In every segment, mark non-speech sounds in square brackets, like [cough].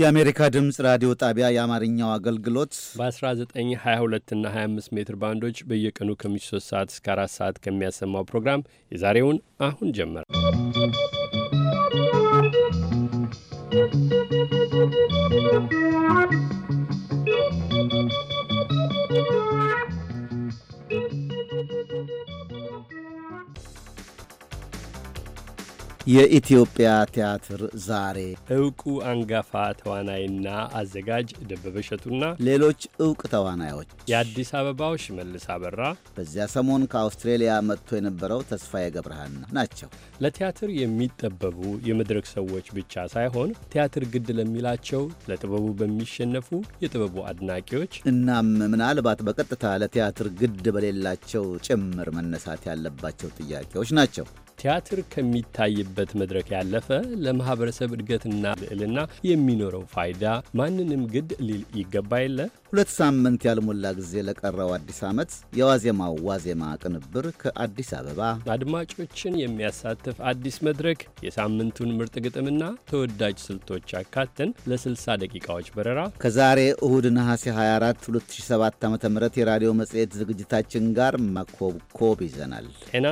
የአሜሪካ ድምፅ ራዲዮ ጣቢያ የአማርኛው አገልግሎት በ1922 እና 25 ሜትር ባንዶች በየቀኑ ከምሽቱ 3 ሰዓት እስከ 4 ሰዓት ከሚያሰማው ፕሮግራም የዛሬውን አሁን ጀመረ። የኢትዮጵያ ቲያትር ዛሬ እውቁ አንጋፋ ተዋናይና አዘጋጅ ደበበ እሸቱና ሌሎች እውቅ ተዋናዮች የአዲስ አበባው ሽመልስ አበራ፣ በዚያ ሰሞን ከአውስትሬሊያ መጥቶ የነበረው ተስፋዬ ገብረሃና ናቸው። ለቲያትር የሚጠበቡ የመድረክ ሰዎች ብቻ ሳይሆን ቲያትር ግድ ለሚላቸው ለጥበቡ በሚሸነፉ የጥበቡ አድናቂዎች እናም ምናልባት በቀጥታ ለቲያትር ግድ በሌላቸው ጭምር መነሳት ያለባቸው ጥያቄዎች ናቸው። ቲያትር ከሚታይበት መድረክ ያለፈ ለማህበረሰብ እድገትና ልዕልና የሚኖረው ፋይዳ ማንንም ግድ ሊል ይገባ የለ? ሁለት ሳምንት ያልሞላ ጊዜ ለቀረው አዲስ ዓመት የዋዜማው ዋዜማ ቅንብር ከአዲስ አበባ አድማጮችን የሚያሳትፍ አዲስ መድረክ የሳምንቱን ምርጥ ግጥምና ተወዳጅ ስልቶች አካተን ለ60 ደቂቃዎች በረራ ከዛሬ እሁድ ነሐሴ 24 2007 ዓ ም የራዲዮ መጽሔት ዝግጅታችን ጋር መኮብኮብ ይዘናል። ጤና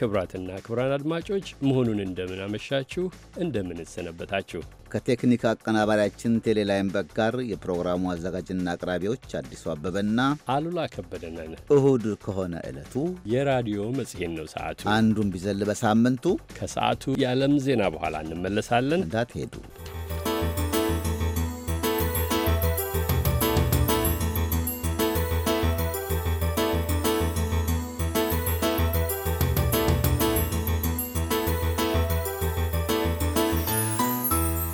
ክብራትና ክብራን አድማጮች መሆኑን እንደምን አመሻችሁ፣ እንደምን ሰነበታችሁ። ከቴክኒክ አቀናባሪያችን ቴሌላይምበቅ ጋር የፕሮግራሙ አዘጋጅና አቅራቢዎች አዲሱ አበበና አሉላ ከበደነን። እሁድ ከሆነ ዕለቱ የራዲዮ መጽሔት ነው። ሰዓቱ አንዱን ቢዘል በሳምንቱ ከሰዓቱ የዓለም ዜና በኋላ እንመለሳለን። እንዳትሄዱ።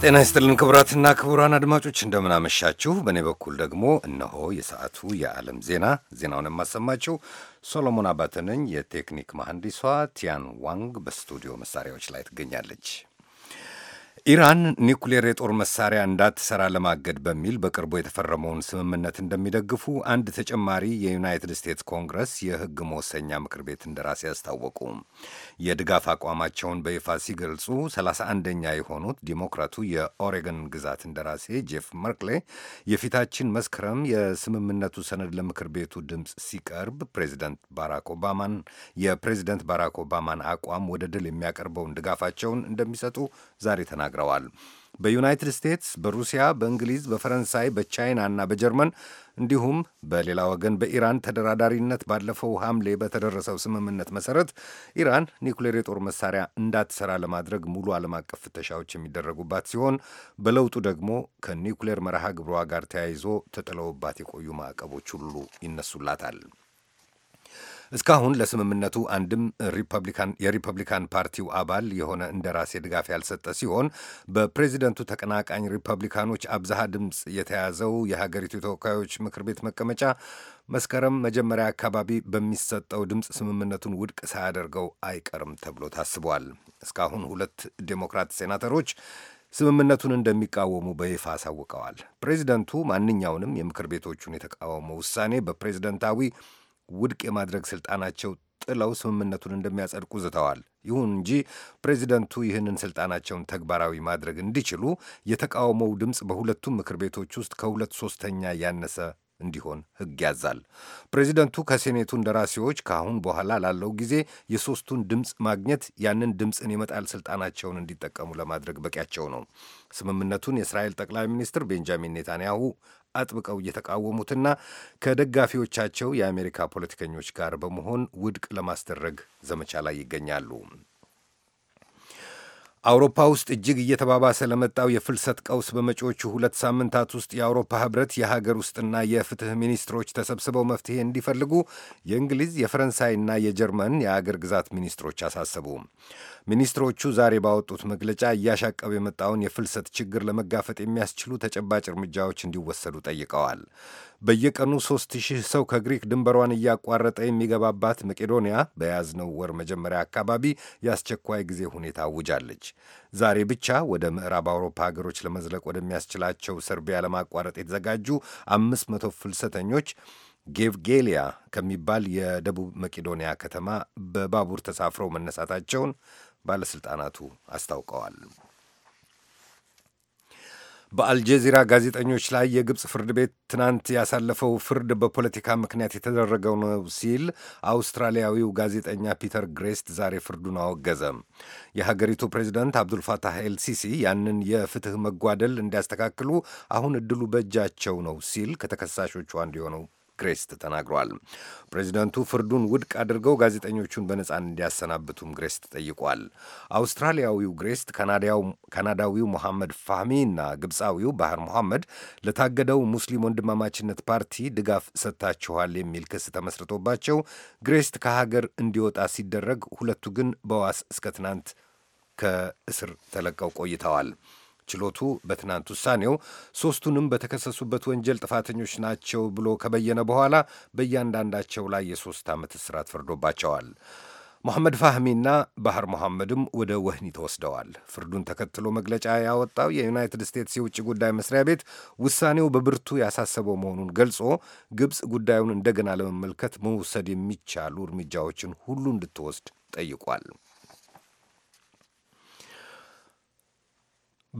ጤና ይስጥልን ክቡራትና ክቡራን አድማጮች እንደምናመሻችሁ። በእኔ በኩል ደግሞ እነሆ የሰዓቱ የዓለም ዜና ዜናውን የማሰማችሁ ሶሎሞን አባተነኝ። የቴክኒክ መሐንዲሷ ቲያን ዋንግ በስቱዲዮ መሳሪያዎች ላይ ትገኛለች። ኢራን ኒውክሌር የጦር መሳሪያ እንዳትሰራ ለማገድ በሚል በቅርቡ የተፈረመውን ስምምነት እንደሚደግፉ አንድ ተጨማሪ የዩናይትድ ስቴትስ ኮንግረስ የሕግ መወሰኛ ምክር ቤት እንደራሴ አስታወቁ። የድጋፍ አቋማቸውን በይፋ ሲገልጹ 31ኛ የሆኑት ዲሞክራቱ የኦሬገን ግዛት እንደራሴ ጄፍ መርክሌ የፊታችን መስከረም የስምምነቱ ሰነድ ለምክር ቤቱ ድምፅ ሲቀርብ ፕሬዚደንት ባራክ ኦባማን የፕሬዚደንት ባራክ ኦባማን አቋም ወደ ድል የሚያቀርበውን ድጋፋቸውን እንደሚሰጡ ዛሬ ተናግረዋል። ተናግረዋል። በዩናይትድ ስቴትስ፣ በሩሲያ፣ በእንግሊዝ፣ በፈረንሳይ፣ በቻይና እና በጀርመን እንዲሁም በሌላ ወገን በኢራን ተደራዳሪነት ባለፈው ሐምሌ በተደረሰው ስምምነት መሰረት ኢራን ኒውክሌር የጦር መሳሪያ እንዳትሰራ ለማድረግ ሙሉ ዓለም አቀፍ ፍተሻዎች የሚደረጉባት ሲሆን በለውጡ ደግሞ ከኒውክሌር መርሃ ግብሯ ጋር ተያይዞ ተጥለውባት የቆዩ ማዕቀቦች ሁሉ ይነሱላታል። እስካሁን ለስምምነቱ አንድም የሪፐብሊካን ፓርቲው አባል የሆነ እንደራሴ ድጋፍ ያልሰጠ ሲሆን በፕሬዚደንቱ ተቀናቃኝ ሪፐብሊካኖች አብዛሃ ድምፅ የተያዘው የሀገሪቱ ተወካዮች ምክር ቤት መቀመጫ መስከረም መጀመሪያ አካባቢ በሚሰጠው ድምፅ ስምምነቱን ውድቅ ሳያደርገው አይቀርም ተብሎ ታስቧል። እስካሁን ሁለት ዴሞክራት ሴናተሮች ስምምነቱን እንደሚቃወሙ በይፋ አሳውቀዋል። ፕሬዚደንቱ ማንኛውንም የምክር ቤቶቹን የተቃወመ ውሳኔ በፕሬዚደንታዊ ውድቅ የማድረግ ስልጣናቸው ጥለው ስምምነቱን እንደሚያጸድቁ ዝተዋል። ይሁን እንጂ ፕሬዚደንቱ ይህንን ስልጣናቸውን ተግባራዊ ማድረግ እንዲችሉ የተቃውሞው ድምፅ በሁለቱም ምክር ቤቶች ውስጥ ከሁለት ሶስተኛ ያነሰ እንዲሆን ሕግ ያዛል። ፕሬዚደንቱ ከሴኔቱ እንደራሴዎች ከአሁን በኋላ ላለው ጊዜ የሶስቱን ድምፅ ማግኘት ያንን ድምፅን የመጣል ስልጣናቸውን እንዲጠቀሙ ለማድረግ በቂያቸው ነው። ስምምነቱን የእስራኤል ጠቅላይ ሚኒስትር ቤንጃሚን ኔታንያሁ አጥብቀው እየተቃወሙትና ከደጋፊዎቻቸው የአሜሪካ ፖለቲከኞች ጋር በመሆን ውድቅ ለማስደረግ ዘመቻ ላይ ይገኛሉ። አውሮፓ ውስጥ እጅግ እየተባባሰ ለመጣው የፍልሰት ቀውስ በመጪዎቹ ሁለት ሳምንታት ውስጥ የአውሮፓ ህብረት የሀገር ውስጥና የፍትህ ሚኒስትሮች ተሰብስበው መፍትሄ እንዲፈልጉ የእንግሊዝ የፈረንሳይና የጀርመን የአገር ግዛት ሚኒስትሮች አሳሰቡ። ሚኒስትሮቹ ዛሬ ባወጡት መግለጫ እያሻቀበ የመጣውን የፍልሰት ችግር ለመጋፈጥ የሚያስችሉ ተጨባጭ እርምጃዎች እንዲወሰዱ ጠይቀዋል። በየቀኑ ሦስት ሺህ ሰው ከግሪክ ድንበሯን እያቋረጠ የሚገባባት መቄዶንያ በያዝነው ወር መጀመሪያ አካባቢ የአስቸኳይ ጊዜ ሁኔታ አውጃለች። ዛሬ ብቻ ወደ ምዕራብ አውሮፓ ሀገሮች ለመዝለቅ ወደሚያስችላቸው ሰርቢያ ለማቋረጥ የተዘጋጁ አምስት መቶ ፍልሰተኞች ጌቭጌሊያ ከሚባል የደቡብ መቄዶንያ ከተማ በባቡር ተሳፍረው መነሳታቸውን ባለሥልጣናቱ አስታውቀዋል። በአልጀዚራ ጋዜጠኞች ላይ የግብፅ ፍርድ ቤት ትናንት ያሳለፈው ፍርድ በፖለቲካ ምክንያት የተደረገው ነው ሲል አውስትራሊያዊው ጋዜጠኛ ፒተር ግሬስት ዛሬ ፍርዱን አወገዘ። የሀገሪቱ ፕሬዚደንት አብዱልፋታህ ኤልሲሲ ያንን የፍትህ መጓደል እንዲያስተካክሉ አሁን እድሉ በእጃቸው ነው ሲል ከተከሳሾቹ አንዱ የሆነው ግሬስት ተናግሯል። ፕሬዚደንቱ ፍርዱን ውድቅ አድርገው ጋዜጠኞቹን በነጻ እንዲያሰናብቱም ግሬስት ጠይቋል። አውስትራሊያዊው ግሬስት፣ ካናዳዊው ሞሐመድ ፋህሚ እና ግብፃዊው ባህር ሞሐመድ ለታገደው ሙስሊም ወንድማማችነት ፓርቲ ድጋፍ ሰጥታችኋል የሚል ክስ ተመስርቶባቸው ግሬስት ከሀገር እንዲወጣ ሲደረግ ሁለቱ ግን በዋስ እስከ ትናንት ከእስር ተለቀው ቆይተዋል። ችሎቱ በትናንት ውሳኔው ሦስቱንም በተከሰሱበት ወንጀል ጥፋተኞች ናቸው ብሎ ከበየነ በኋላ በእያንዳንዳቸው ላይ የሦስት ዓመት እስራት ፈርዶባቸዋል። መሐመድ ፋህሚና ባህር መሐመድም ወደ ወህኒ ተወስደዋል። ፍርዱን ተከትሎ መግለጫ ያወጣው የዩናይትድ ስቴትስ የውጭ ጉዳይ መስሪያ ቤት ውሳኔው በብርቱ ያሳሰበው መሆኑን ገልጾ ግብፅ ጉዳዩን እንደገና ለመመልከት መውሰድ የሚቻሉ እርምጃዎችን ሁሉ እንድትወስድ ጠይቋል።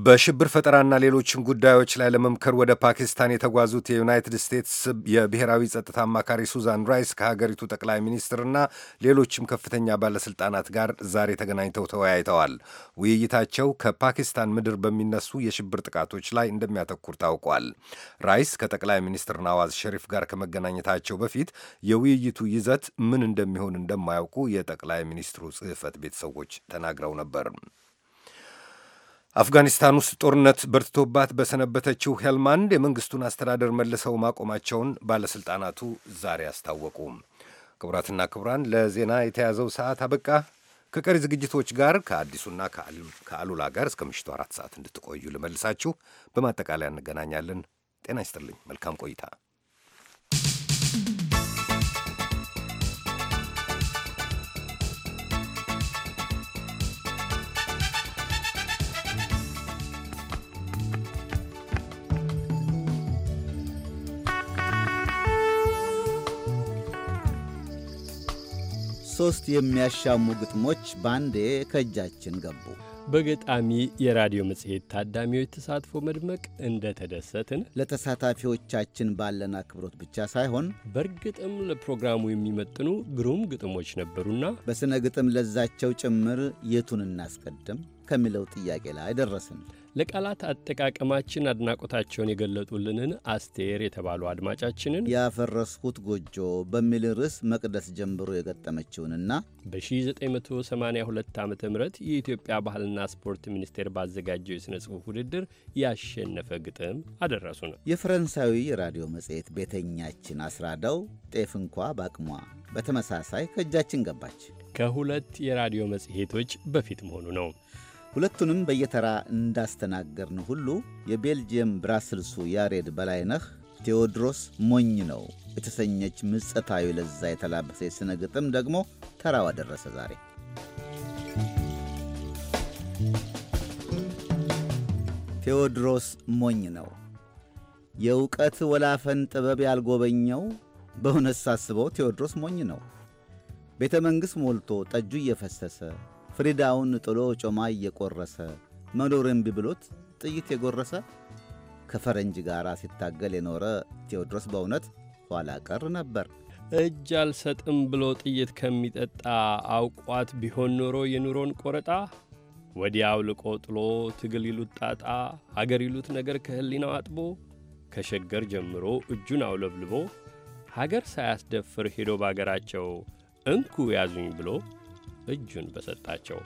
በሽብር ፈጠራና ሌሎችም ጉዳዮች ላይ ለመምከር ወደ ፓኪስታን የተጓዙት የዩናይትድ ስቴትስ የብሔራዊ ጸጥታ አማካሪ ሱዛን ራይስ ከሀገሪቱ ጠቅላይ ሚኒስትርና ሌሎችም ከፍተኛ ባለስልጣናት ጋር ዛሬ ተገናኝተው ተወያይተዋል። ውይይታቸው ከፓኪስታን ምድር በሚነሱ የሽብር ጥቃቶች ላይ እንደሚያተኩር ታውቋል። ራይስ ከጠቅላይ ሚኒስትር ናዋዝ ሸሪፍ ጋር ከመገናኘታቸው በፊት የውይይቱ ይዘት ምን እንደሚሆን እንደማያውቁ የጠቅላይ ሚኒስትሩ ጽህፈት ቤት ሰዎች ተናግረው ነበር። አፍጋኒስታን ውስጥ ጦርነት በርትቶባት በሰነበተችው ሄልማንድ የመንግስቱን አስተዳደር መልሰው ማቆማቸውን ባለሥልጣናቱ ዛሬ አስታወቁ። ክቡራትና ክቡራን ለዜና የተያዘው ሰዓት አበቃ። ከቀሪ ዝግጅቶች ጋር ከአዲሱና ከአሉላ ጋር እስከ ምሽቱ አራት ሰዓት እንድትቆዩ ልመልሳችሁ። በማጠቃለያ እንገናኛለን። ጤና ይስጥልኝ። መልካም ቆይታ። ሦስት የሚያሻሙ ግጥሞች ባንዴ ከእጃችን ገቡ። በገጣሚ የራዲዮ መጽሔት ታዳሚዎች ተሳትፎ መድመቅ እንደተደሰትን ለተሳታፊዎቻችን ባለን አክብሮት ብቻ ሳይሆን በእርግጥም ለፕሮግራሙ የሚመጥኑ ግሩም ግጥሞች ነበሩና በሥነ ግጥም ለዛቸው ጭምር የቱን እናስቀድም ከሚለው ጥያቄ ላይ ደረስን። ለቃላት አጠቃቀማችን አድናቆታቸውን የገለጡልንን አስቴር የተባሉ አድማጫችንን ያፈረስኩት ጎጆ በሚል ርዕስ መቅደስ ጀምሮ የገጠመችውንና በ1982 ዓ ም የኢትዮጵያ ባህልና ስፖርት ሚኒስቴር ባዘጋጀው የሥነ ጽሑፍ ውድድር ያሸነፈ ግጥም አደረሱ ነው። የፈረንሳዊ የራዲዮ መጽሔት ቤተኛችን አስራዳው ጤፍ እንኳ በአቅሟ በተመሳሳይ ከእጃችን ገባች። ከሁለት የራዲዮ መጽሔቶች በፊት መሆኑ ነው። ሁለቱንም በየተራ እንዳስተናገርን ሁሉ የቤልጅየም ብራስልሱ ያሬድ በላይነህ ቴዎድሮስ ሞኝ ነው የተሰኘች ምጸታዊ ለዛ የተላበሰ የሥነ ግጥም ደግሞ ተራዋ ደረሰ ዛሬ። ቴዎድሮስ ሞኝ ነው የእውቀት ወላፈን ጥበብ ያልጎበኘው፣ በእውነት ሳስበው ቴዎድሮስ ሞኝ ነው። ቤተ መንግሥት ሞልቶ ጠጁ እየፈሰሰ ፍሪዳውን ጥሎ ጮማ እየቆረሰ መኖርን ቢብሎት ጥይት የጎረሰ ከፈረንጅ ጋር ሲታገል የኖረ ቴዎድሮስ በእውነት ኋላ ቀር ነበር። እጅ አልሰጥም ብሎ ጥይት ከሚጠጣ አውቋት ቢሆን ኖሮ የኑሮን ቆረጣ ወዲያው ልቆ ጥሎ ትግል ይሉት ጣጣ አገር ይሉት ነገር ከህሊናው አጥቦ ከሸገር ጀምሮ እጁን አውለብልቦ ሀገር ሳያስደፍር ሄዶ ባገራቸው እንኩ ያዙኝ ብሎ እጁን በሰጣቸው።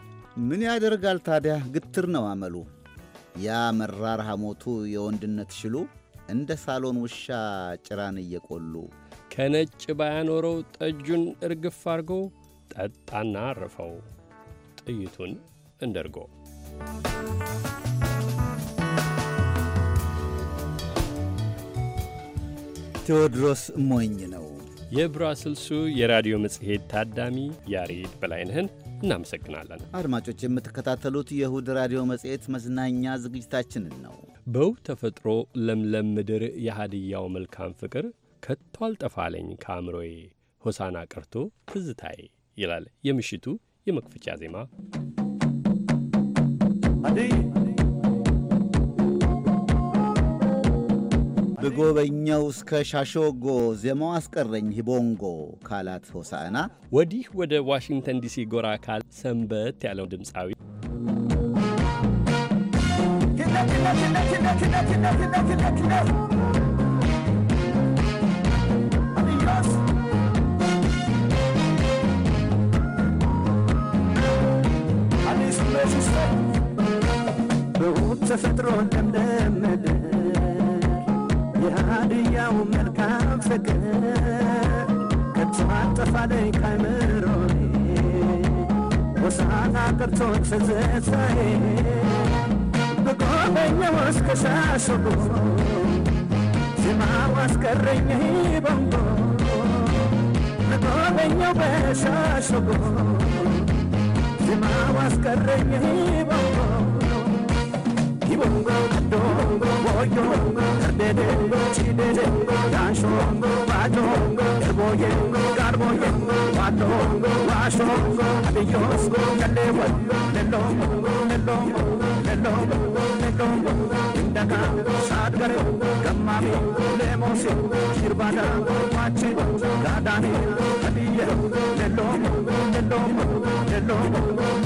ምን ያደርጋል ታዲያ ግትር ነው አመሉ። ያ መራር ሐሞቱ የወንድነት ሽሉ እንደ ሳሎን ውሻ ጭራን እየቆሉ ከነጭ ባያኖረው ጠጁን እርግፍ አርጎ ጠጣና አረፈው ጥይቱን እንደርጎ። ቴዎድሮስ ሞኝ ነው የብራስልሱ የራዲዮ መጽሔት ታዳሚ ያሬድ በላይነህን እናመሰግናለን። አድማጮች የምትከታተሉት የእሁድ ራዲዮ መጽሔት መዝናኛ ዝግጅታችንን ነው። በውብ ተፈጥሮ ለምለም ምድር የሃድያው መልካም ፍቅር ከቶ አልጠፋለኝ ከአእምሮዬ ሆሳና ቀርቶ ትዝታዬ ይላል የምሽቱ የመክፈቻ ዜማ። ከጎበኘው እስከ ሻሾጎ ዜማው አስቀረኝ ሂቦንጎ ካላት ሆሳዕና ወዲህ ወደ ዋሽንግተን ዲሲ ጎራ ካል ሰንበት ያለው ድምፃዊ ተፈጥሮ ደምደም የሀድያው መልካም ፍቅር ከቶ አጠፋለኝ ከአይምሮዬ ሆሳዕና ቀርቶት ትዝታዬ በጎበኛው እስከ ዜማው አስቀረኝ በንጎ በጎበኛው በሻሸጎ ዜማው አስቀረኝ በንጎ Bongo, Dongo, Boyo, Dede, Chidede, Dasho, Badongo, Boyengo, Garboyengo, Badongo, Washongo, Abiyosgo, Kalewa, Lelongo, Lelongo, Lelongo, Lelongo, Indaka, Sadgare, Kamami, Lemosi, Kirbada, Machi, Gadani, Kadiye, Lelongo, Lelongo, Lelongo,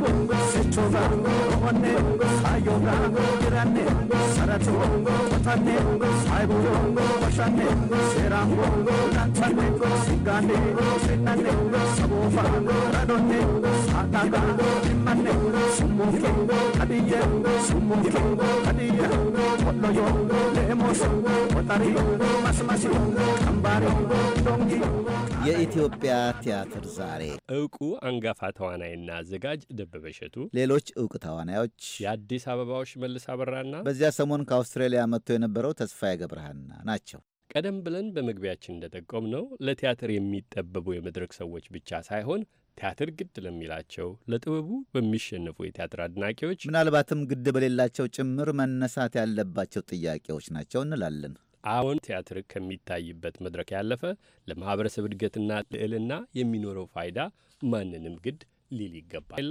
sichova onne ayobra giranne saracho tanne saibo vashanne seram nanchane sigane senanne sabofa radonne sataga immanne sumuke kadiye sumuke kadiye potloyo lemos potari masmasi kambari dongi የኢትዮጵያ ቲያትር ዛሬ እውቁ አንጋፋ ተዋናይና አዘጋጅ አበበ እሸቱ፣ ሌሎች እውቅ ተዋናዮች የአዲስ አበባው ሽመልስ አበራና በዚያ ሰሞን ከአውስትራሊያ መጥቶ የነበረው ተስፋዬ ገብረሃና ናቸው። ቀደም ብለን በመግቢያችን እንደጠቆም ነው ለቲያትር የሚጠበቡ የመድረክ ሰዎች ብቻ ሳይሆን ቲያትር ግድ ለሚላቸው ለጥበቡ በሚሸነፉ የቲያትር አድናቂዎች ምናልባትም ግድ በሌላቸው ጭምር መነሳት ያለባቸው ጥያቄዎች ናቸው እንላለን። አሁን ቲያትር ከሚታይበት መድረክ ያለፈ ለማኅበረሰብ እድገትና ልዕልና የሚኖረው ፋይዳ ማንንም ግድ ሊል ይገባል።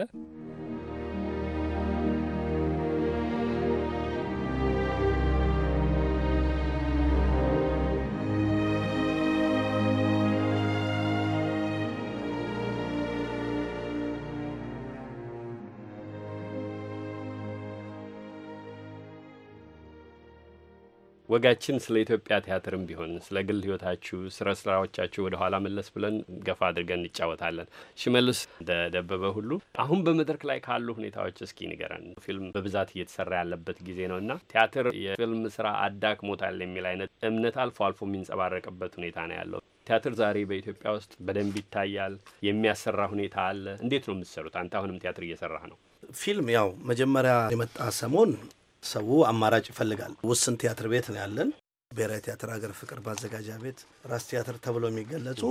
ወጋችን ስለ ኢትዮጵያ ቲያትርም ቢሆን ስለ ግል ህይወታችሁ፣ ስለ ስራዎቻችሁ ወደ ኋላ መለስ ብለን ገፋ አድርገን እንጫወታለን። ሽመልስ እንደደበበ ሁሉ አሁን በመድረክ ላይ ካሉ ሁኔታዎች እስኪ ንገረን። ፊልም በብዛት እየተሰራ ያለበት ጊዜ ነው እና ቲያትር የፊልም ስራ አዳክሞታል የሚል አይነት እምነት አልፎ አልፎ የሚንጸባረቅበት ሁኔታ ነው ያለው። ቲያትር ዛሬ በኢትዮጵያ ውስጥ በደንብ ይታያል። የሚያሰራ ሁኔታ አለ። እንዴት ነው የምትሰሩት? አንተ አሁንም ቲያትር እየሰራህ ነው? ፊልም ያው መጀመሪያ የመጣ ሰሞን ሰው አማራጭ ይፈልጋል። ውስን ቲያትር ቤት ነው ያለን። ብሔራዊ ቲያትር፣ ሀገር ፍቅር፣ ማዘጋጃ ቤት፣ ራስ ቲያትር ተብሎ የሚገለጹ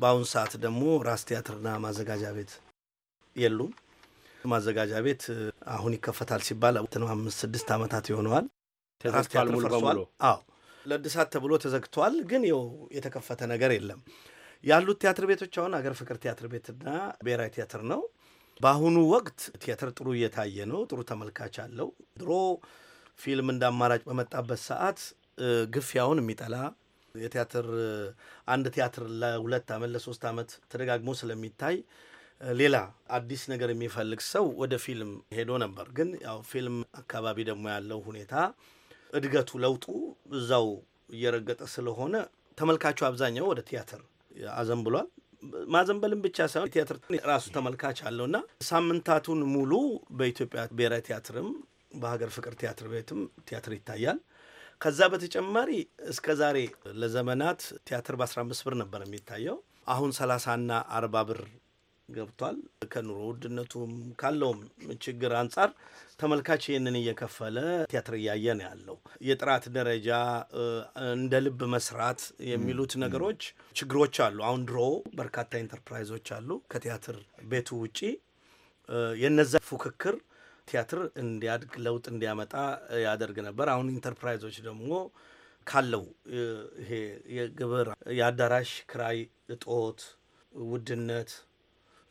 በአሁኑ ሰዓት ደግሞ ራስ ቲያትርና ማዘጋጃ ቤት የሉም። ማዘጋጃ ቤት አሁን ይከፈታል ሲባል አምስት ስድስት ዓመታት ይሆነዋል። ራስ ቲያትር ፈርሷል። አዎ ለእድሳት ተብሎ ተዘግቷል። ግን ው የተከፈተ ነገር የለም። ያሉት ቲያትር ቤቶች አሁን ሀገር ፍቅር ቲያትር ቤትና ብሔራዊ ቲያትር ነው። በአሁኑ ወቅት ቲያትር ጥሩ እየታየ ነው። ጥሩ ተመልካች አለው። ድሮ ፊልም እንደ አማራጭ በመጣበት ሰዓት ግፊያውን የሚጠላ የቲያትር አንድ ቲያትር ለሁለት ዓመት ለሶስት ዓመት ተደጋግሞ ስለሚታይ ሌላ አዲስ ነገር የሚፈልግ ሰው ወደ ፊልም ሄዶ ነበር። ግን ያው ፊልም አካባቢ ደግሞ ያለው ሁኔታ እድገቱ፣ ለውጡ እዛው እየረገጠ ስለሆነ ተመልካቹ አብዛኛው ወደ ቲያትር አዘንብሏል። ማዘንበልን ብቻ ሳይሆን ቲያትር ራሱ ተመልካች አለው እና ሳምንታቱን ሙሉ በኢትዮጵያ ብሔራዊ ቲያትርም በሀገር ፍቅር ቲያትር ቤትም ቲያትር ይታያል። ከዛ በተጨማሪ እስከ ዛሬ ለዘመናት ቲያትር በ15 ብር ነበር የሚታየው። አሁን 30ና 40 ብር ገብቷል። ከኑሮ ውድነቱም ካለውም ችግር አንጻር ተመልካች ይህንን እየከፈለ ቲያትር እያየ ነው ያለው። የጥራት ደረጃ እንደ ልብ መስራት የሚሉት ነገሮች ችግሮች አሉ። አሁን ድሮ በርካታ ኢንተርፕራይዞች አሉ ከቲያትር ቤቱ ውጪ የነዛ ፉክክር ቲያትር እንዲያድግ ለውጥ እንዲያመጣ ያደርግ ነበር። አሁን ኢንተርፕራይዞች ደግሞ ካለው ይሄ የግብር የአዳራሽ ክራይ እጦት ውድነት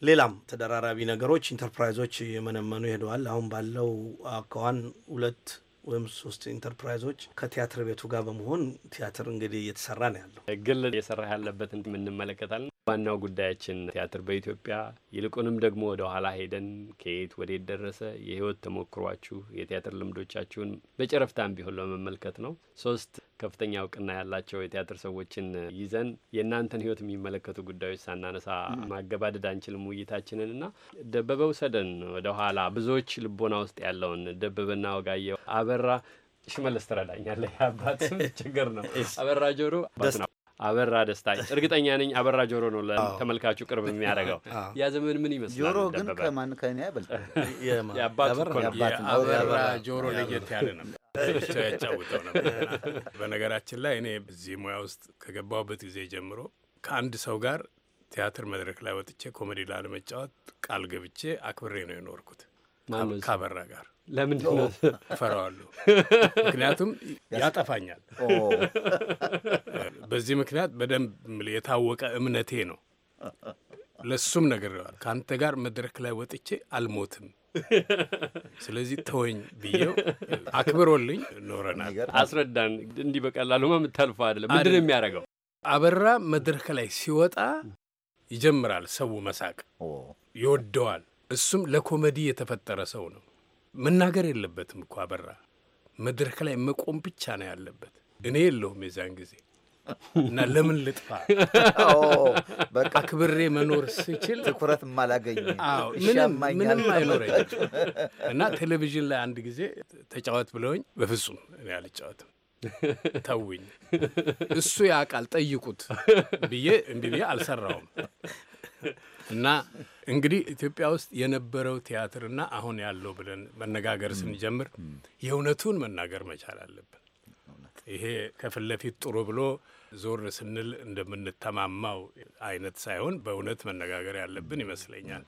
ሌላም ተደራራቢ ነገሮች ኢንተርፕራይዞች እየመነመኑ ሄደዋል። አሁን ባለው አኳኋን ሁለት ወይም ሶስት ኢንተርፕራይዞች ከቲያትር ቤቱ ጋር በመሆን ቲያትር እንግዲህ እየተሰራ ነው ያለው። ግል እየሰራ ያለበትን እንመለከታለን። ዋናው ጉዳያችን ቲያትር በኢትዮጵያ ይልቁንም ደግሞ ወደ ኋላ ሄደን ከየት ወዴት ደረሰ፣ የህይወት ተሞክሯችሁ የቲያትር ልምዶቻችሁን በጨረፍታም ቢሆን ለመመልከት ነው። ሶስት ከፍተኛ እውቅና ያላቸው የቲያትር ሰዎችን ይዘን የእናንተን ህይወት የሚመለከቱ ጉዳዮች ሳናነሳ ማገባደድ አንችልም ውይይታችንን እና ደበበ ውሰደን ወደ ኋላ ብዙዎች ልቦና ውስጥ ያለውን ደበበና ወጋየሁ አበራ ሽመለስ ትረዳኛለህ። አባት ችግር ነው። አበራ ጆሮ አበራ ደስታ እርግጠኛ ነኝ አበራ ጆሮ ነው ለተመልካቹ ቅርብ የሚያደርገው። ያ ዘመን ምን ይመስላል? ጆሮ ግን ከማን ከኔ አይበልጥ። የአባት አበራ ጆሮ ለየት ያለ ነው። ያጫውተው [laughs] ነበር። በነገራችን ላይ እኔ በዚህ ሙያ ውስጥ ከገባሁበት ጊዜ ጀምሮ ከአንድ ሰው ጋር ቲያትር መድረክ ላይ ወጥቼ ኮሜዲ ላለመጫወት ቃል ገብቼ አክብሬ ነው የኖርኩት። ካበራ ጋር ለምንድን ነው እፈራዋለሁ? [laughs] ምክንያቱም ያጠፋኛል። [laughs] በዚህ ምክንያት በደንብ የታወቀ እምነቴ ነው። ለሱም ነገር ከአንተ ጋር መድረክ ላይ ወጥቼ አልሞትም [laughs] ስለዚህ ተወኝ ብዬው አክብሮልኝ ኖረናል። አስረዳን። እንዲህ በቀላሉ የምታልፈው አይደለም። ምንድን ነው የሚያደርገው? አበራ መድረክ ላይ ሲወጣ ይጀምራል ሰው መሳቅ፣ ይወደዋል። እሱም ለኮሜዲ የተፈጠረ ሰው ነው። መናገር የለበትም እኮ አበራ መድረክ ላይ መቆም ብቻ ነው ያለበት። እኔ የለሁም የዚያን ጊዜ እና ለምን ልጥፋ? በቃ ክብሬ መኖር ስችል ትኩረት ማላገኝ ምንም አይኖረኝ እና ቴሌቪዥን ላይ አንድ ጊዜ ተጫወት ብለውኝ በፍጹም እኔ አልጫወትም ተውኝ፣ እሱ ያውቃል ጠይቁት ብዬ እምቢ ብዬ አልሰራውም። እና እንግዲህ ኢትዮጵያ ውስጥ የነበረው ቲያትርና አሁን ያለው ብለን መነጋገር ስንጀምር የእውነቱን መናገር መቻል አለብን። ይሄ ከፊት ለፊት ጥሩ ብሎ ዞር ስንል እንደምንተማማው አይነት ሳይሆን በእውነት መነጋገር ያለብን ይመስለኛል።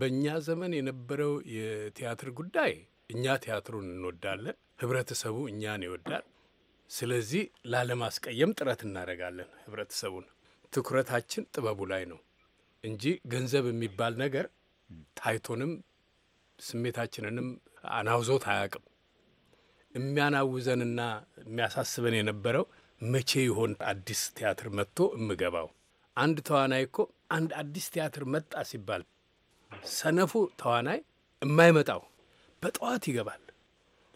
በእኛ ዘመን የነበረው የቲያትር ጉዳይ እኛ ቲያትሩን እንወዳለን፣ ህብረተሰቡ እኛን ይወዳል። ስለዚህ ላለማስቀየም ጥረት እናደርጋለን። ህብረተሰቡን ትኩረታችን ጥበቡ ላይ ነው እንጂ ገንዘብ የሚባል ነገር ታይቶንም ስሜታችንንም አናውዞት አያውቅም። የሚያናውዘንና የሚያሳስበን የነበረው መቼ ይሆን አዲስ ቲያትር መጥቶ እምገባው? አንድ ተዋናይ እኮ አንድ አዲስ ቲያትር መጣ ሲባል ሰነፉ ተዋናይ የማይመጣው በጠዋት ይገባል።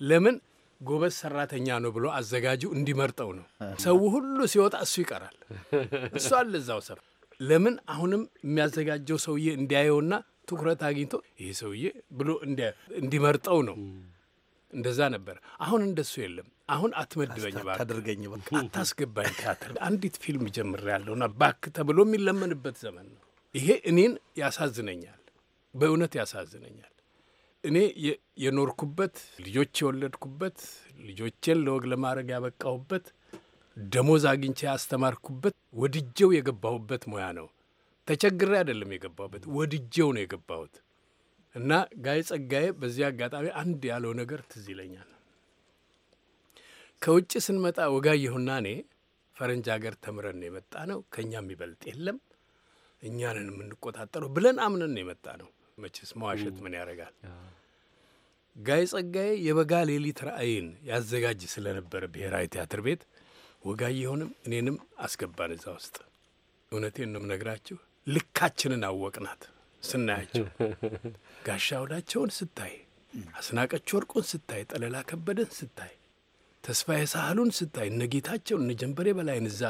ለምን? ጎበዝ ሰራተኛ ነው ብሎ አዘጋጁ እንዲመርጠው ነው። ሰው ሁሉ ሲወጣ እሱ ይቀራል። እሱ አለ እዛው ሰር ለምን? አሁንም የሚያዘጋጀው ሰውዬ እንዲያየውና ትኩረት አግኝቶ ይህ ሰውዬ ብሎ እንዲመርጠው ነው። እንደዛ ነበር። አሁን እንደሱ የለም። አሁን አትመድበኝ፣ ታደርገኝ፣ አታስገባኝ ቲያትር። አንዲት ፊልም ጀምር ያለውና ባክ ተብሎ የሚለመንበት ዘመን ነው። ይሄ እኔን ያሳዝነኛል፣ በእውነት ያሳዝነኛል። እኔ የኖርኩበት ልጆች የወለድኩበት ልጆቼን ለወግ ለማድረግ ያበቃሁበት ደሞዝ አግኝቼ ያስተማርኩበት ወድጄው የገባሁበት ሙያ ነው። ተቸግሬ አይደለም የገባሁበት፣ ወድጄው ነው የገባሁት። እና ጋይ ጸጋዬ በዚህ አጋጣሚ አንድ ያለው ነገር ትዝ ይለኛል። ከውጭ ስንመጣ ወጋየሁና እኔ ፈረንጅ ሀገር ተምረን የመጣ ነው፣ ከእኛ የሚበልጥ የለም፣ እኛንን የምንቆጣጠረው ብለን አምነን የመጣ ነው። መቼስ መዋሸት ምን ያደርጋል። ጋይ ጸጋዬ የበጋ ሌሊት ራእይን ያዘጋጅ ስለነበረ ብሔራዊ ቲያትር ቤት ወጋየሁንም እኔንም አስገባን እዛ ውስጥ። እውነቴን ነው የምነግራችሁ፣ ልካችንን አወቅናት። ስናያቸው ጋሻ አውላቸውን ስታይ፣ አስናቀች ወርቁን ስታይ፣ ጠለላ ከበደን ስታይ፣ ተስፋዬ ሳህሉን ስታይ፣ እነ ጌታቸውን እነ ጀንበሬ በላይን እዛ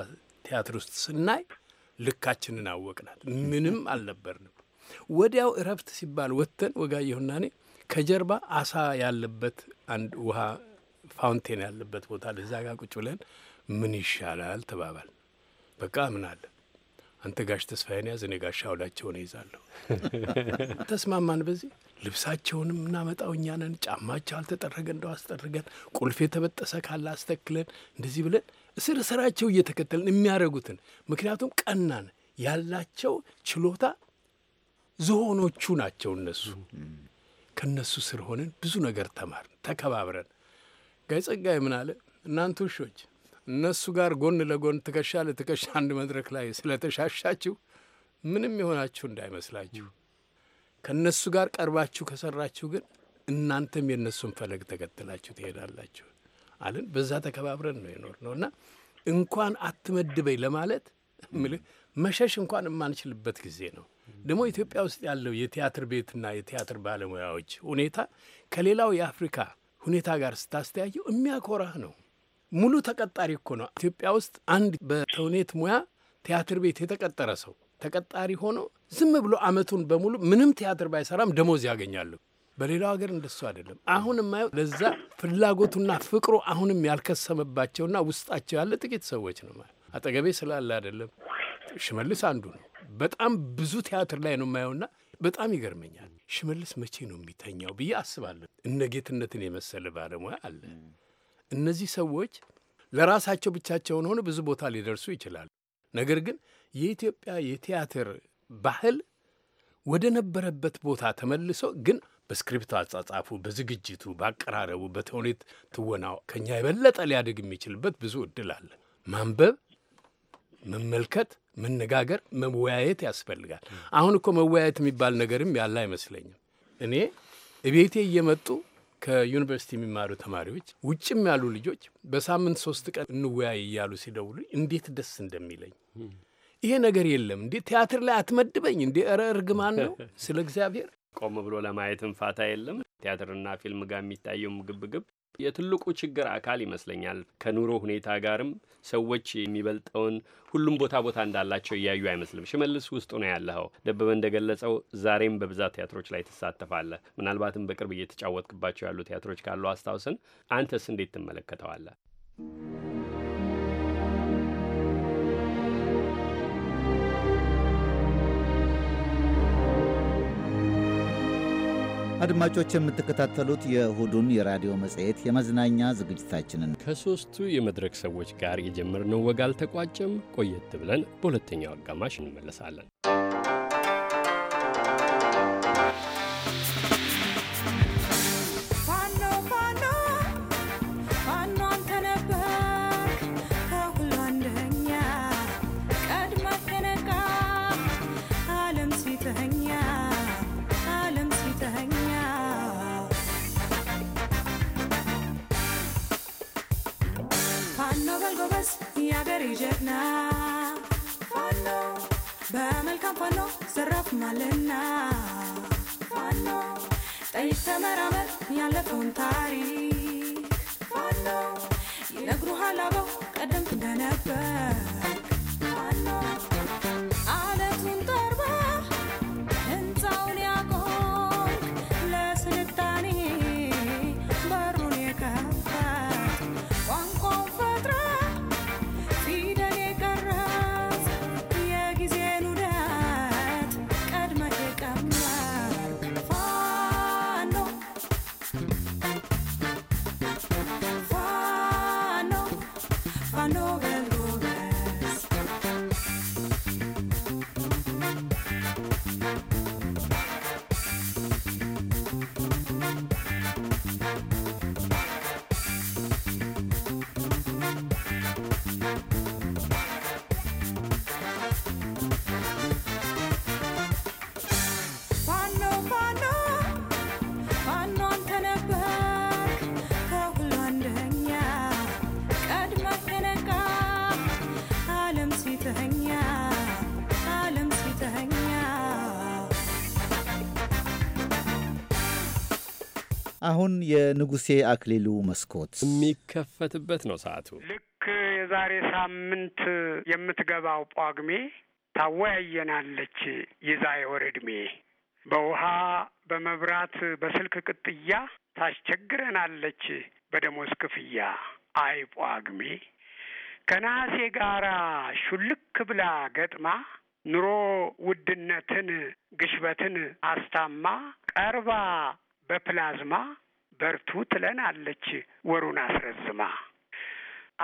ቲያትር ውስጥ ስናይ ልካችንን አወቅናል። ምንም አልነበርንም። ወዲያው እረፍት ሲባል ወጥተን ወጋየሁና እኔ ከጀርባ አሳ ያለበት አንድ ውሃ ፋውንቴን ያለበት ቦታ ለዛ ጋ ቁጭ ብለን ምን ይሻላል ተባባል። በቃ ምን አለ አንተ ጋሽ ተስፋዬን ያዝ፣ እኔ ጋሽ አውላቸውን ይዛለሁ። [laughs] ተስማማን። በዚህ ልብሳቸውንም እናመጣው እኛ ነን። ጫማቸው አልተጠረገ እንደው አስጠርገን፣ ቁልፍ የተበጠሰ ካለ አስተክለን፣ እንደዚህ ብለን እስር ስራቸው እየተከተልን የሚያደርጉትን ምክንያቱም ቀናን ያላቸው ችሎታ ዝሆኖቹ ናቸው እነሱ። ከእነሱ ስር ሆነን ብዙ ነገር ተማርን፣ ተከባብረን። ጋይ ጸጋይ ምን አለ እናንተ ውሾች እነሱ ጋር ጎን ለጎን ትከሻ ለትከሻ አንድ መድረክ ላይ ስለተሻሻችሁ ምንም የሆናችሁ እንዳይመስላችሁ። ከእነሱ ጋር ቀርባችሁ ከሰራችሁ ግን እናንተም የእነሱን ፈለግ ተከትላችሁ ትሄዳላችሁ አለን። በዛ ተከባብረን ነው የኖር ነው እና እንኳን አትመድበኝ ለማለት መሸሽ እንኳን የማንችልበት ጊዜ ነው። ደግሞ ኢትዮጵያ ውስጥ ያለው የቲያትር ቤትና የቲያትር ባለሙያዎች ሁኔታ ከሌላው የአፍሪካ ሁኔታ ጋር ስታስተያየው የሚያኮራህ ነው። ሙሉ ተቀጣሪ እኮ ነው። ኢትዮጵያ ውስጥ አንድ በተውኔት ሙያ ቲያትር ቤት የተቀጠረ ሰው ተቀጣሪ ሆኖ ዝም ብሎ አመቱን በሙሉ ምንም ቲያትር ባይሰራም ደሞዝ ያገኛሉ። በሌላው ሀገር እንደሱ አይደለም። አሁን የማየው ለዛ ፍላጎቱና ፍቅሩ አሁንም ያልከሰመባቸውና ውስጣቸው ያለ ጥቂት ሰዎች ነው። አጠገቤ ስላለ አይደለም፣ ሽመልስ አንዱ ነው። በጣም ብዙ ቲያትር ላይ ነው የማየውና በጣም ይገርመኛል። ሽመልስ መቼ ነው የሚተኛው ብዬ አስባለሁ። እነ ጌትነትን የመሰለ ባለሙያ አለ። እነዚህ ሰዎች ለራሳቸው ብቻቸውን ሆነ ብዙ ቦታ ሊደርሱ ይችላሉ። ነገር ግን የኢትዮጵያ የቲያትር ባህል ወደ ነበረበት ቦታ ተመልሶ ግን በስክሪፕቱ አጻጻፉ፣ በዝግጅቱ፣ በአቀራረቡ፣ በተውኔት ትወናው ከኛ የበለጠ ሊያድግ የሚችልበት ብዙ እድል አለ። ማንበብ፣ መመልከት፣ መነጋገር፣ መወያየት ያስፈልጋል። አሁን እኮ መወያየት የሚባል ነገርም ያለ አይመስለኝም። እኔ እቤቴ እየመጡ ከዩኒቨርሲቲ የሚማሩ ተማሪዎች ውጭም ያሉ ልጆች በሳምንት ሶስት ቀን እንወያይ እያሉ ሲደውሉ እንዴት ደስ እንደሚለኝ ይሄ ነገር የለም እንዴ ቲያትር ላይ አትመድበኝ እንዴ ኧረ እርግማን ነው ስለ እግዚአብሔር ቆም ብሎ ለማየትም ፋታ የለም ቲያትርና ፊልም ጋር የሚታየው ግብ የትልቁ ችግር አካል ይመስለኛል። ከኑሮ ሁኔታ ጋርም ሰዎች የሚበልጠውን ሁሉም ቦታ ቦታ እንዳላቸው እያዩ አይመስልም። ሽመልስ ውስጡ ነው ያለኸው። ደበበ እንደገለጸው ዛሬም በብዛት ቲያትሮች ላይ ትሳተፋለህ። ምናልባትም በቅርብ እየተጫወትክባቸው ያሉ ቲያትሮች ካሉ አስታውስን። አንተስ እንዴት ትመለከተዋለህ? አድማጮች የምትከታተሉት የእሁዱን የራዲዮ መጽሔት የመዝናኛ ዝግጅታችንን ከሦስቱ የመድረክ ሰዎች ጋር የጀመርነው ወግ አልተቋጨም። ቆየት ብለን በሁለተኛው አጋማሽ እንመለሳለን። vontade. አሁን የንጉሴ አክሊሉ መስኮት የሚከፈትበት ነው ሰዓቱ። ልክ የዛሬ ሳምንት የምትገባው ጳጉሜ ታወያየናለች ይዛ የወር ዕድሜ በውሃ በመብራት በስልክ ቅጥያ ታስቸግረናለች በደሞዝ ክፍያ። አይ ጳጉሜ ከነሐሴ ጋራ ሹልክ ብላ ገጥማ ኑሮ ውድነትን ግሽበትን አስታማ ቀርባ በፕላዝማ በርቱ ትለን አለች ወሩን አስረዝማ።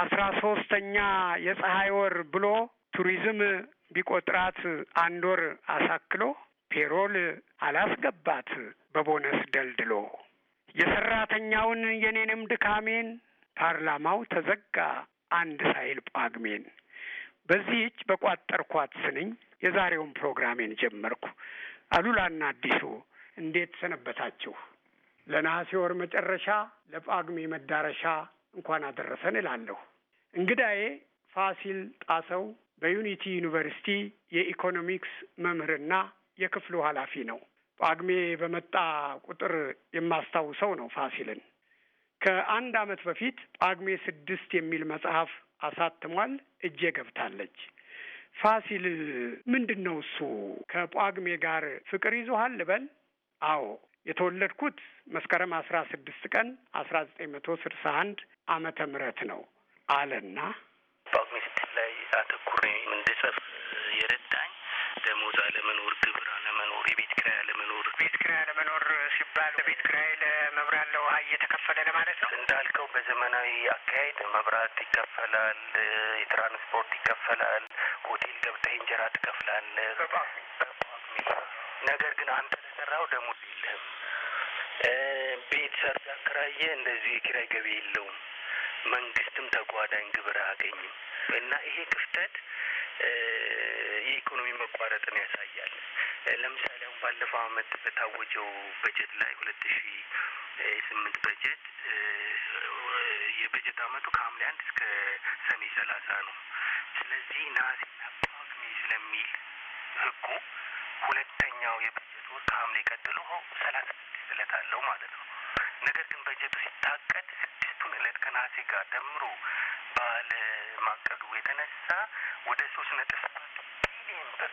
አስራ ሶስተኛ የፀሐይ ወር ብሎ ቱሪዝም ቢቆጥራት አንድ ወር አሳክሎ ፔሮል አላስገባት በቦነስ ደልድሎ የሰራተኛውን የኔንም ድካሜን ፓርላማው ተዘጋ አንድ ሳይል ጳግሜን በዚህች በቋጠርኳት ስንኝ የዛሬውን ፕሮግራሜን ጀመርኩ። አሉላና አዲሱ እንዴት ሰነበታችሁ? ለነሐሴ ወር መጨረሻ ለጳጉሜ መዳረሻ እንኳን አደረሰን እላለሁ። እንግዳዬ ፋሲል ጣሰው በዩኒቲ ዩኒቨርሲቲ የኢኮኖሚክስ መምህርና የክፍሉ ኃላፊ ነው። ጳጉሜ በመጣ ቁጥር የማስታውሰው ነው ፋሲልን። ከአንድ ዓመት በፊት ጳጉሜ ስድስት የሚል መጽሐፍ አሳትሟል። እጄ ገብታለች። ፋሲል ምንድን ነው እሱ? ከጳጉሜ ጋር ፍቅር ይዞሃል ልበል? አዎ የተወለድኩት መስከረም አስራ ስድስት ቀን አስራ ዘጠኝ መቶ ስልሳ አንድ አመተ ምህረት ነው አለና በአሁኑ ስት ላይ አተኩሬ እንድጽፍ የረዳኝ ደሞዝ አለመኖር፣ ግብር አለመኖር፣ የቤት ኪራይ አለመኖር። ቤት ኪራይ አለመኖር ሲባል ቤት ኪራይ ለመብራት ለውሃ እየተከፈለ ለማለት ነው። እንዳልከው በዘመናዊ አካሄድ መብራት ይከፈላል፣ የትራንስፖርት ይከፈላል፣ ሆቴል ገብተህ እንጀራ ትከፍላለህ። ነገር ግን አንተ ከሰራው ደሞዝ የለህም። ቤት ሰርቶ አከራየ፣ እንደዚህ የኪራይ ገቢ የለውም። መንግስትም ተጓዳኝ ግብር አያገኝም እና ይሄ ክፍተት የኢኮኖሚ መቋረጥን ያሳያል። ለምሳሌ አሁን ባለፈው አመት በታወጀው በጀት ላይ ሁለት ሺ ስምንት በጀት የበጀት አመቱ ከሐምሌ አንድ እስከ ሰኔ ሰላሳ ነው። ስለዚህ ነሐሴና ጳጉሜ ስለሚል ህጉ ሁለተኛው ወር ከሐምሌ ቀጥሎ ሰላሳ ስድስት እለት አለው ማለት ነው። ነገር ግን በጀቱ ሲታቀድ ስድስቱን እለት ከነሐሴ ጋር ደምሮ ባለማቀዱ የተነሳ ወደ ሶስት ነጥብ ሰባት ቢሊዮን ብር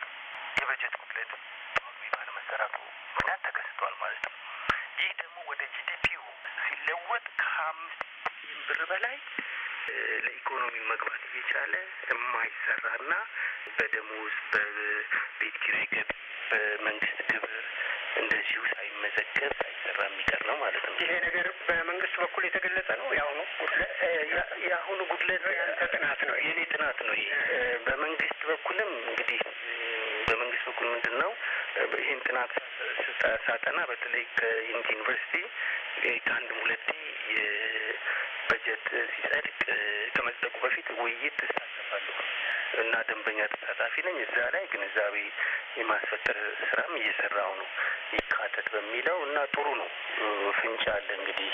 የበጀት ጉድለት በአግቢ ባለመሰራቱ ምክንያት ተከስቷል ማለት ነው። ይህ ደግሞ ወደ ጂዲፒው ሲለወጥ ከአምስት ቢሊዮን ብር በላይ ለኢኮኖሚው መግባት እየቻለ የማይሰራና በደሞዝ በቤት ኪራይ ገቢ በመንግስት ግብር እንደዚሁ ሳይመዘገብ ሳይሰራ የሚቀር ነው ማለት ነው። ይሄ ነገር በመንግስት በኩል የተገለጸ ነው። የአሁኑ የአሁኑ ጉድለት ያንተ ጥናት ነው፣ የኔ ጥናት ነው። ይሄ በመንግስት በኩልም እንግዲህ በመንግስት በኩል ምንድን ነው ይህን ጥናት ሳጠና በተለይ ከኢንድ ዩኒቨርሲቲ ከአንድም ሁለቴ የበጀት ሲጸድቅ ከመጽደቁ በፊት ውይይት እሳተፋለሁ እና ደንበኛ ተሳታፊ ነኝ። እዛ ላይ ግንዛቤ የማስፈጠር ስራም እየሰራው ነው። ይካተት በሚለው እና ጥሩ ነው። ፍንጭ አለ እንግዲህ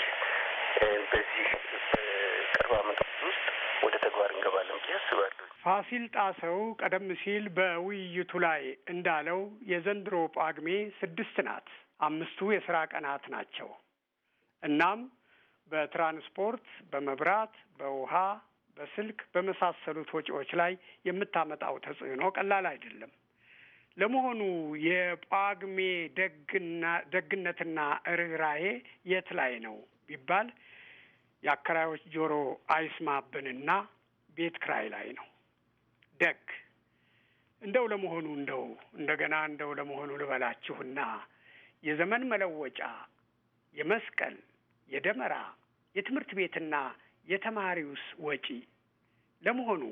በዚህ በቅርብ አመታት ውስጥ ወደ ተግባር እንገባለን ብዬ አስባለሁ። ፋሲል ጣሰው ቀደም ሲል በውይይቱ ላይ እንዳለው የዘንድሮ ጳጉሜ ስድስት ናት። አምስቱ የስራ ቀናት ናቸው። እናም በትራንስፖርት፣ በመብራት፣ በውሃ በስልክ በመሳሰሉት ወጪዎች ላይ የምታመጣው ተጽዕኖ ቀላል አይደለም። ለመሆኑ የጳጉሜ ደግና ደግነትና ርኅራሄ የት ላይ ነው ቢባል የአከራዮች ጆሮ አይስማብንና ቤት ክራይ ላይ ነው። ደግ እንደው ለመሆኑ እንደው እንደገና እንደው ለመሆኑ ልበላችሁና የዘመን መለወጫ፣ የመስቀል፣ የደመራ፣ የትምህርት ቤትና የተማሪውስ ወጪ? ለመሆኑ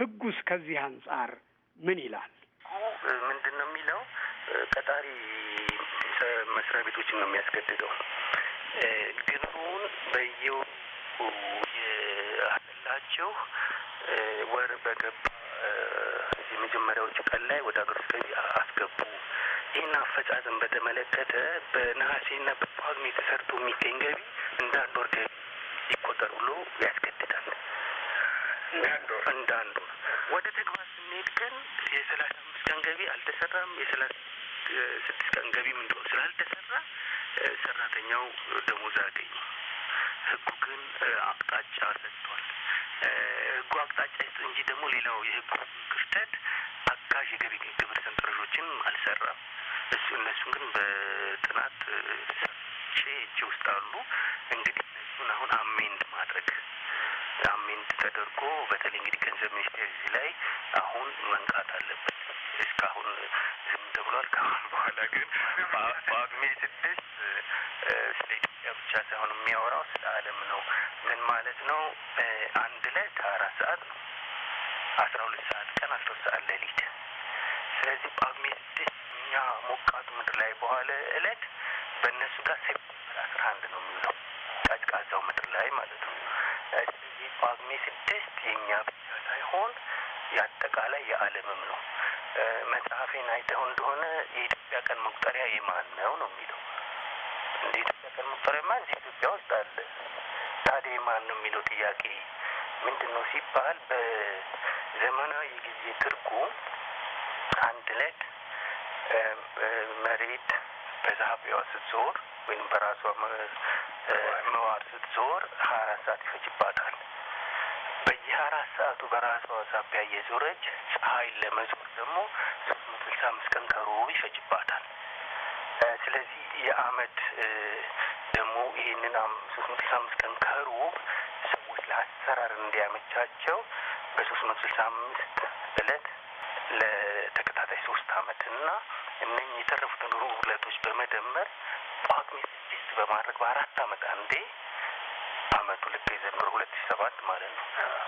ህጉስ ከዚህ አንጻር ምን ይላል? ምንድን ነው የሚለው? ቀጣሪ መስሪያ ቤቶችን ነው የሚያስገድደው። ግንቡን በየው የላቸው ወር በገባ የመጀመሪያዎቹ ቀን ላይ ወደ አገር ገቢ አስገቡ። ይህን አፈጻጸም በተመለከተ በነሐሴና በጳጉሜ ተሰርቶ የሚገኝ ገቢ እንዳንድ ወር ገቢ ይቆጠር ብሎ ያስገድዳሉ። እንዳንዱ ወደ ተግባር ስንሄድ ግን የሰላሳ አምስት ቀን ገቢ አልተሰራም፣ የሰላሳ ስድስት ቀን ገቢ እንደሆነ ስላልተሰራ ሰራተኛው ደሞዝ አገኘ። ህጉ ግን አቅጣጫ ሰጥቷል። ህጉ አቅጣጫ ይስጥ እንጂ ደግሞ ሌላው የህጉ ክፍተት አጋዥ የገቢ ግብር ሰንጠረዦችን አልሰራም። እሱ እነሱን ግን በጥናት ሰርቼ እጅ ውስጥ አሉ እንግዲህ እሱን አሁን አሜንድ ማድረግ አሜንድ ተደርጎ በተለይ እንግዲህ ገንዘብ ሚኒስቴር እዚህ ላይ አሁን መንቃት አለበት። እስካሁን ዝም ተብሏል። ከአሁን በኋላ ግን በጳጉሜ ስድስት ስለ ኢትዮጵያ ብቻ ሳይሆን የሚያወራው ስለ ዓለም ነው። ምን ማለት ነው? አንድ ላይ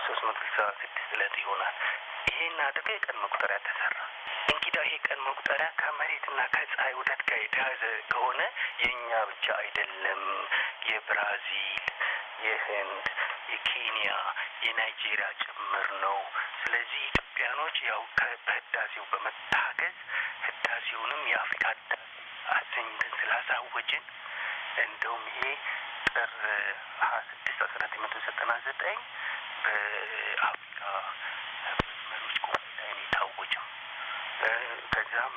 ሶስት መቶ ሰባ ስድስት ዕለት ይሆናል። ይሄን አደጋ የቀን መቁጠሪያ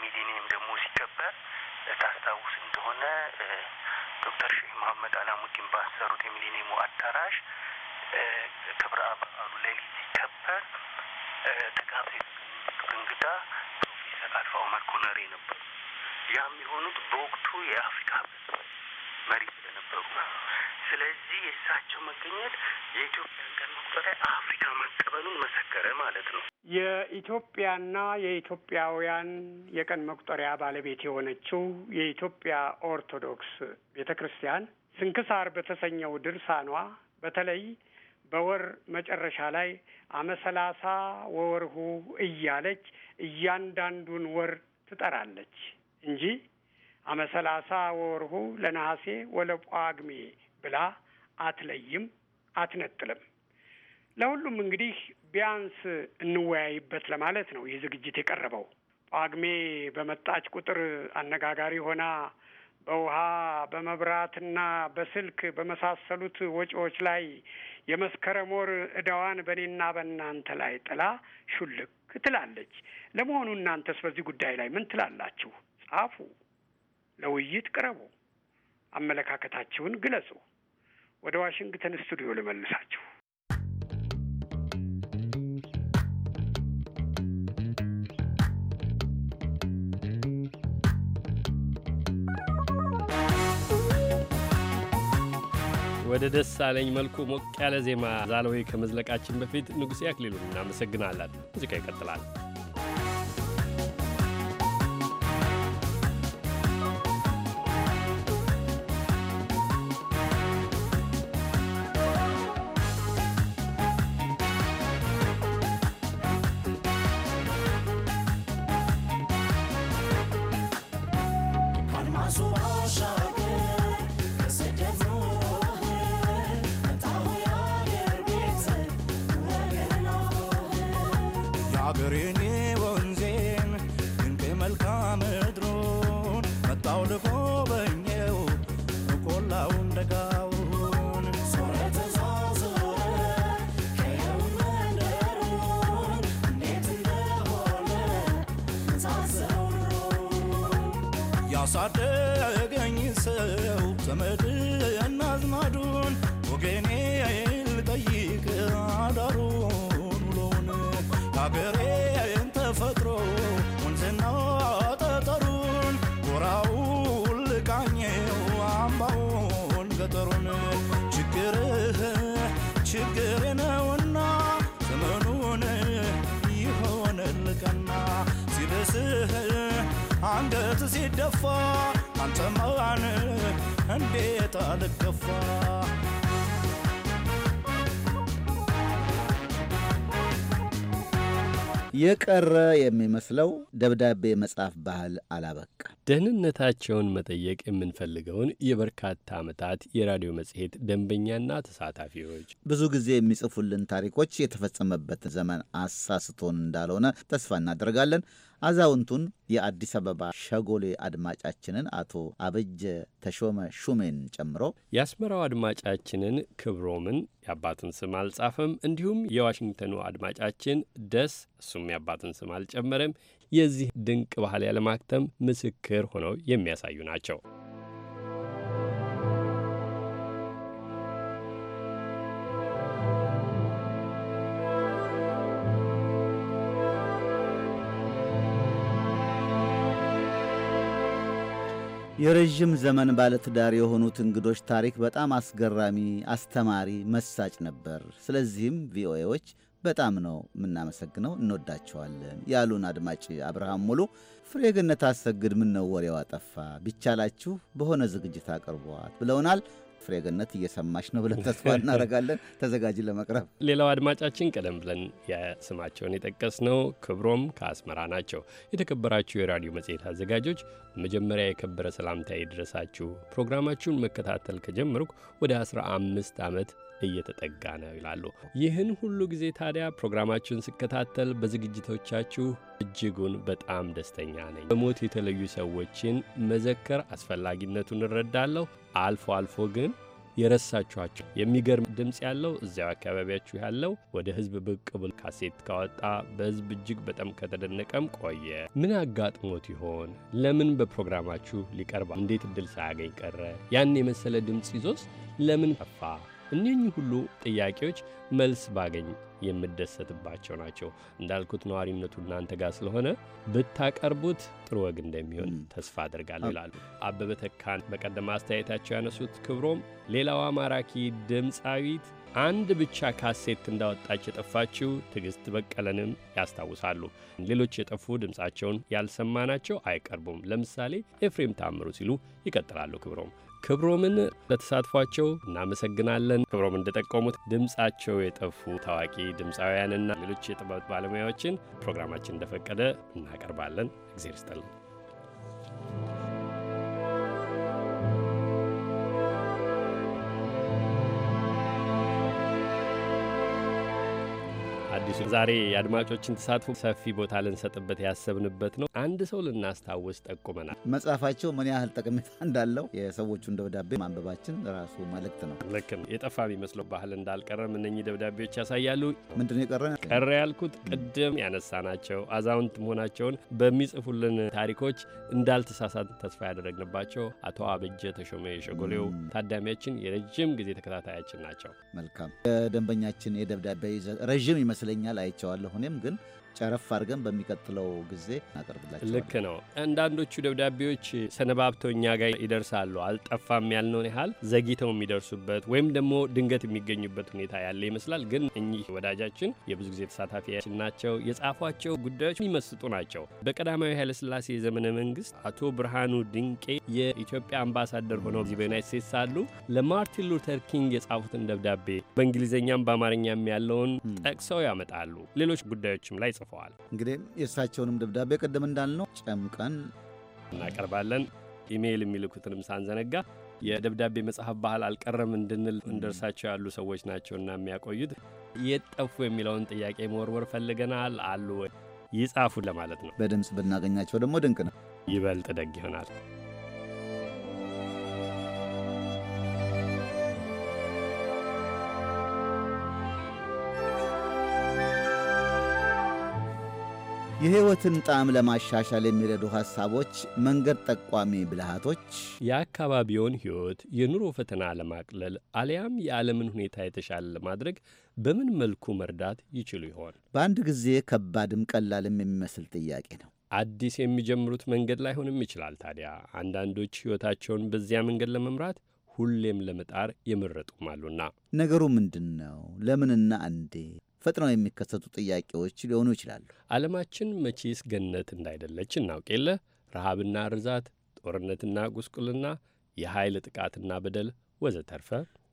ሚሊኒየም ደግሞ ሲከበር ታስታውስ እንደሆነ ዶክተር ሼህ መሀመድ አላሙዲን ባሰሩት የሚሊኒየሙ አዳራሽ ክብረ በዓሉ ሌሊት ሲከበር ተጋብዘው የተገኙት እንግዳ ፕሮፌሰር አልፋ ኦመር ኮነሪ ነበሩ። ያም የሆኑት በወቅቱ የአፍሪካ ህብረት መሪ ስለነበሩ፣ ስለዚህ የእሳቸው መገኘት የኢትዮጵያን ቀን መቁጠሪያ አፍሪካ መቀበሉን መሰከረ ማለት ነው። የኢትዮጵያና የኢትዮጵያውያን የቀን መቁጠሪያ ባለቤት የሆነችው የኢትዮጵያ ኦርቶዶክስ ቤተ ክርስቲያን ስንክሳር በተሰኘው ድርሳኗ በተለይ በወር መጨረሻ ላይ አመሰላሳ ወወርሁ እያለች እያንዳንዱን ወር ትጠራለች እንጂ አመሰላሳ ወወርሁ ለነሐሴ ወለጳጉሜ ብላ አትለይም፣ አትነጥልም። ለሁሉም እንግዲህ ቢያንስ እንወያይበት ለማለት ነው ይህ ዝግጅት የቀረበው። ጳጉሜ በመጣች ቁጥር አነጋጋሪ ሆና በውሃ በመብራትና በስልክ በመሳሰሉት ወጪዎች ላይ የመስከረም ወር እዳዋን በእኔና በእናንተ ላይ ጥላ ሹልክ ትላለች። ለመሆኑ እናንተስ በዚህ ጉዳይ ላይ ምን ትላላችሁ? ጻፉ፣ ለውይይት ቅረቡ፣ አመለካከታችሁን ግለጹ። ወደ ዋሽንግተን ስቱዲዮ ልመልሳችሁ። ወደ አለኝ መልኩ ሞቅ ያለ ዜማ ዛለወይ ከመዝለቃችን በፊት ንጉሴ አክሊሉን እናመሰግናለን። ሙዚቃ ይቀጥላል። ገፋ አንተ እንዴት የቀረ የሚመስለው ደብዳቤ መጻፍ ባህል አላበቃ። ደህንነታቸውን መጠየቅ የምንፈልገውን የበርካታ ዓመታት የራዲዮ መጽሔት ደንበኛና ተሳታፊዎች ብዙ ጊዜ የሚጽፉልን ታሪኮች የተፈጸመበትን ዘመን አሳስቶን እንዳልሆነ ተስፋ እናደርጋለን። አዛውንቱን የአዲስ አበባ ሸጎሌ አድማጫችንን አቶ አበጀ ተሾመ ሹሜን ጨምሮ የአስመራው አድማጫችንን ክብሮምን የአባቱን ስም አልጻፈም፣ እንዲሁም የዋሽንግተኑ አድማጫችን ደስ እሱም የአባቱን ስም አልጨመረም የዚህ ድንቅ ባህል ያለማክተም ምስክር ሆነው የሚያሳዩ ናቸው። የረዥም ዘመን ባለትዳር የሆኑት እንግዶች ታሪክ በጣም አስገራሚ፣ አስተማሪ፣ መሳጭ ነበር። ስለዚህም ቪኦኤዎች በጣም ነው የምናመሰግነው፣ እንወዳቸዋለን ያሉን አድማጭ አብርሃም ሙሉ ፍሬግነት አሰግድ ምነው ወሬዋ ጠፋ ቢቻላችሁ በሆነ ዝግጅት አቅርቧት ብለውናል። ፍሬገነት እየሰማች ነው ብለን ተስፋ እናደርጋለን። ተዘጋጅ ለመቅረብ ሌላው አድማጫችን ቀደም ብለን የስማቸውን ነው። ክብሮም ከአስመራ ናቸው። የተከበራችሁ የራዲዮ መጽሔት አዘጋጆች መጀመሪያ የከበረ ሰላምታ ይድረሳችሁ። ፕሮግራማችሁን መከታተል ከጀመርኩ ወደ 15 ዓመት እየተጠጋ ነው ይላሉ። ይህን ሁሉ ጊዜ ታዲያ ፕሮግራማችሁን ስከታተል በዝግጅቶቻችሁ እጅጉን በጣም ደስተኛ ነኝ። በሞት የተለዩ ሰዎችን መዘከር አስፈላጊነቱን እረዳለሁ። አልፎ አልፎ ግን የረሳችኋቸው የሚገርም ድምፅ ያለው እዚያው አካባቢያችሁ ያለው ወደ ህዝብ ብቅ ብል ካሴት ካወጣ በህዝብ እጅግ በጣም ከተደነቀም ቆየ። ምን አጋጥሞት ይሆን? ለምን በፕሮግራማችሁ ሊቀርባ እንዴት እድል ሳያገኝ ቀረ? ያን የመሰለ ድምፅ ይዞስ ለምን ጠፋ? እነኚህ ሁሉ ጥያቄዎች መልስ ባገኝ የምደሰትባቸው ናቸው። እንዳልኩት ነዋሪነቱ እናንተ ጋር ስለሆነ ብታቀርቡት ጥሩ ወግ እንደሚሆን ተስፋ አድርጋለሁ ይላሉ አበበ ተካን። በቀደም አስተያየታቸው ያነሱት ክብሮም ሌላዋ ማራኪ ድምፃዊት አንድ ብቻ ካሴት እንዳወጣች የጠፋችው ትግስት በቀለንም ያስታውሳሉ። ሌሎች የጠፉ ድምፃቸውን ያልሰማናቸው አይቀርቡም። ለምሳሌ ኤፍሬም ታምሩ ሲሉ ይቀጥላሉ። ክብሮም ክብሮምን ለተሳትፏቸው እናመሰግናለን። ክብሮም እንደጠቀሙት ድምፃቸው የጠፉ ታዋቂ ድምፃውያንና ሌሎች የጥበብ ባለሙያዎችን ፕሮግራማችን እንደፈቀደ እናቀርባለን። እግዜር ይስጥልን። ዛሬ የአድማጮችን ተሳትፎ ሰፊ ቦታ ልንሰጥበት ያሰብንበት ነው። አንድ ሰው ልናስታውስ ጠቁመናል። መጽሐፋቸው ምን ያህል ጠቀሜታ እንዳለው የሰዎቹን ደብዳቤ ማንበባችን ራሱ መልእክት ነው። ልክ ነው። የጠፋ የሚመስለው ባህል እንዳልቀረም እነኚህ ደብዳቤዎች ያሳያሉ። ምንድነው የቀረ ቀረ ያልኩት ቅድም ያነሳ ናቸው አዛውንት መሆናቸውን በሚጽፉልን ታሪኮች እንዳልተሳሳት ተስፋ ያደረግንባቸው አቶ አበጀ ተሾመ የሸጎሌው ታዳሚያችን የረጅም ጊዜ ተከታታያችን ናቸው። መልካም የደንበኛችን የደብዳቤ ረዥም ይመስለኛል። ላይ አይቸዋለሁ። እኔም ግን ጨረፍ አድርገን በሚቀጥለው ጊዜ እናቀርብላቸው። ልክ ነው። አንዳንዶቹ ደብዳቤዎች ሰነባብተው እኛ ጋር ይደርሳሉ። አልጠፋም ያልነውን ያህል ዘግይተው የሚደርሱበት ወይም ደግሞ ድንገት የሚገኙበት ሁኔታ ያለ ይመስላል። ግን እኚህ ወዳጃችን የብዙ ጊዜ ተሳታፊያችን ናቸው። የጻፏቸው ጉዳዮች የሚመስጡ ናቸው። በቀዳማዊ ኃይለስላሴ የዘመነ መንግስት አቶ ብርሃኑ ድንቄ የኢትዮጵያ አምባሳደር ሆነው እዚህ በዩናይት ስቴትስ ሳሉ ለማርቲን ሉተር ኪንግ የጻፉትን ደብዳቤ በእንግሊዝኛም በአማርኛም ያለውን ጠቅሰው ያመጣሉ። ሌሎች ጉዳዮችም ላይ ጽፏል። ጽፈዋል። እንግዲህ የእሳቸውንም ደብዳቤ ቅድም እንዳልነው ጨምቀን እናቀርባለን። ኢሜይል የሚልኩትንም ሳንዘነጋ የደብዳቤ መጽሐፍ ባህል አልቀረም እንድንል እንደ እርሳቸው ያሉ ሰዎች ናቸውና የሚያቆዩት። የት ጠፉ የሚለውን ጥያቄ መወርወር ፈልገናል። አሉ ይጻፉ ለማለት ነው። በድምፅ ብናገኛቸው ደግሞ ድንቅ ነው፣ ይበልጥ ደግ ይሆናል። የሕይወትን ጣዕም ለማሻሻል የሚረዱ ሐሳቦች፣ መንገድ ጠቋሚ ብልሃቶች የአካባቢውን ሕይወት የኑሮ ፈተና ለማቅለል አሊያም የዓለምን ሁኔታ የተሻለ ለማድረግ በምን መልኩ መርዳት ይችሉ ይሆን? በአንድ ጊዜ ከባድም ቀላልም የሚመስል ጥያቄ ነው። አዲስ የሚጀምሩት መንገድ ላይሆንም ይችላል። ታዲያ አንዳንዶች ሕይወታቸውን በዚያ መንገድ ለመምራት ሁሌም ለመጣር የመረጡም አሉና ነገሩ ምንድን ነው? ለምንና እንዴ ፈጥነው የሚከሰቱ ጥያቄዎች ሊሆኑ ይችላሉ። ዓለማችን መቼስ ገነት እንዳይደለች እናውቅ የለ ረሃብና ርዛት፣ ጦርነትና ጉስቁልና፣ የኃይል ጥቃትና በደል ወዘተርፈ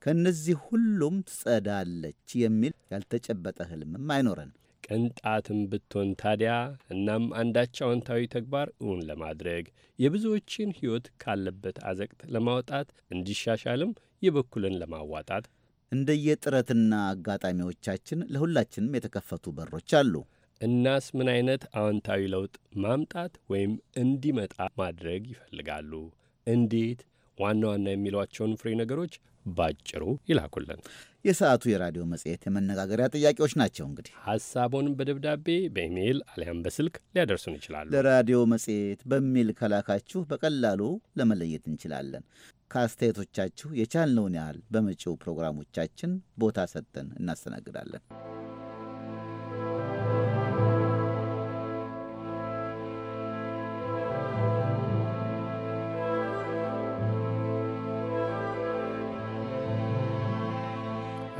ከእነዚህ ሁሉም ትጸዳለች የሚል ያልተጨበጠ ህልምም አይኖረን ቅንጣትም ብትሆን ታዲያ። እናም አንዳች አዎንታዊ ተግባር እውን ለማድረግ የብዙዎችን ሕይወት ካለበት አዘቅት ለማውጣት እንዲሻሻልም የበኩልን ለማዋጣት እንደየጥረትና አጋጣሚዎቻችን ለሁላችንም የተከፈቱ በሮች አሉ። እናስ ምን አይነት አዎንታዊ ለውጥ ማምጣት ወይም እንዲመጣ ማድረግ ይፈልጋሉ? እንዴት? ዋና ዋና የሚሏቸውን ፍሬ ነገሮች ባጭሩ ይላኩልን። የሰዓቱ የራዲዮ መጽሔት የመነጋገሪያ ጥያቄዎች ናቸው። እንግዲህ ሀሳቦን በደብዳቤ በኢሜይል አሊያም በስልክ ሊያደርሱን ይችላሉ። ለራዲዮ መጽሔት በሚል ከላካችሁ በቀላሉ ለመለየት እንችላለን። ከአስተያየቶቻችሁ የቻልነውን ያህል በመጪው ፕሮግራሞቻችን ቦታ ሰጥተን እናስተናግዳለን።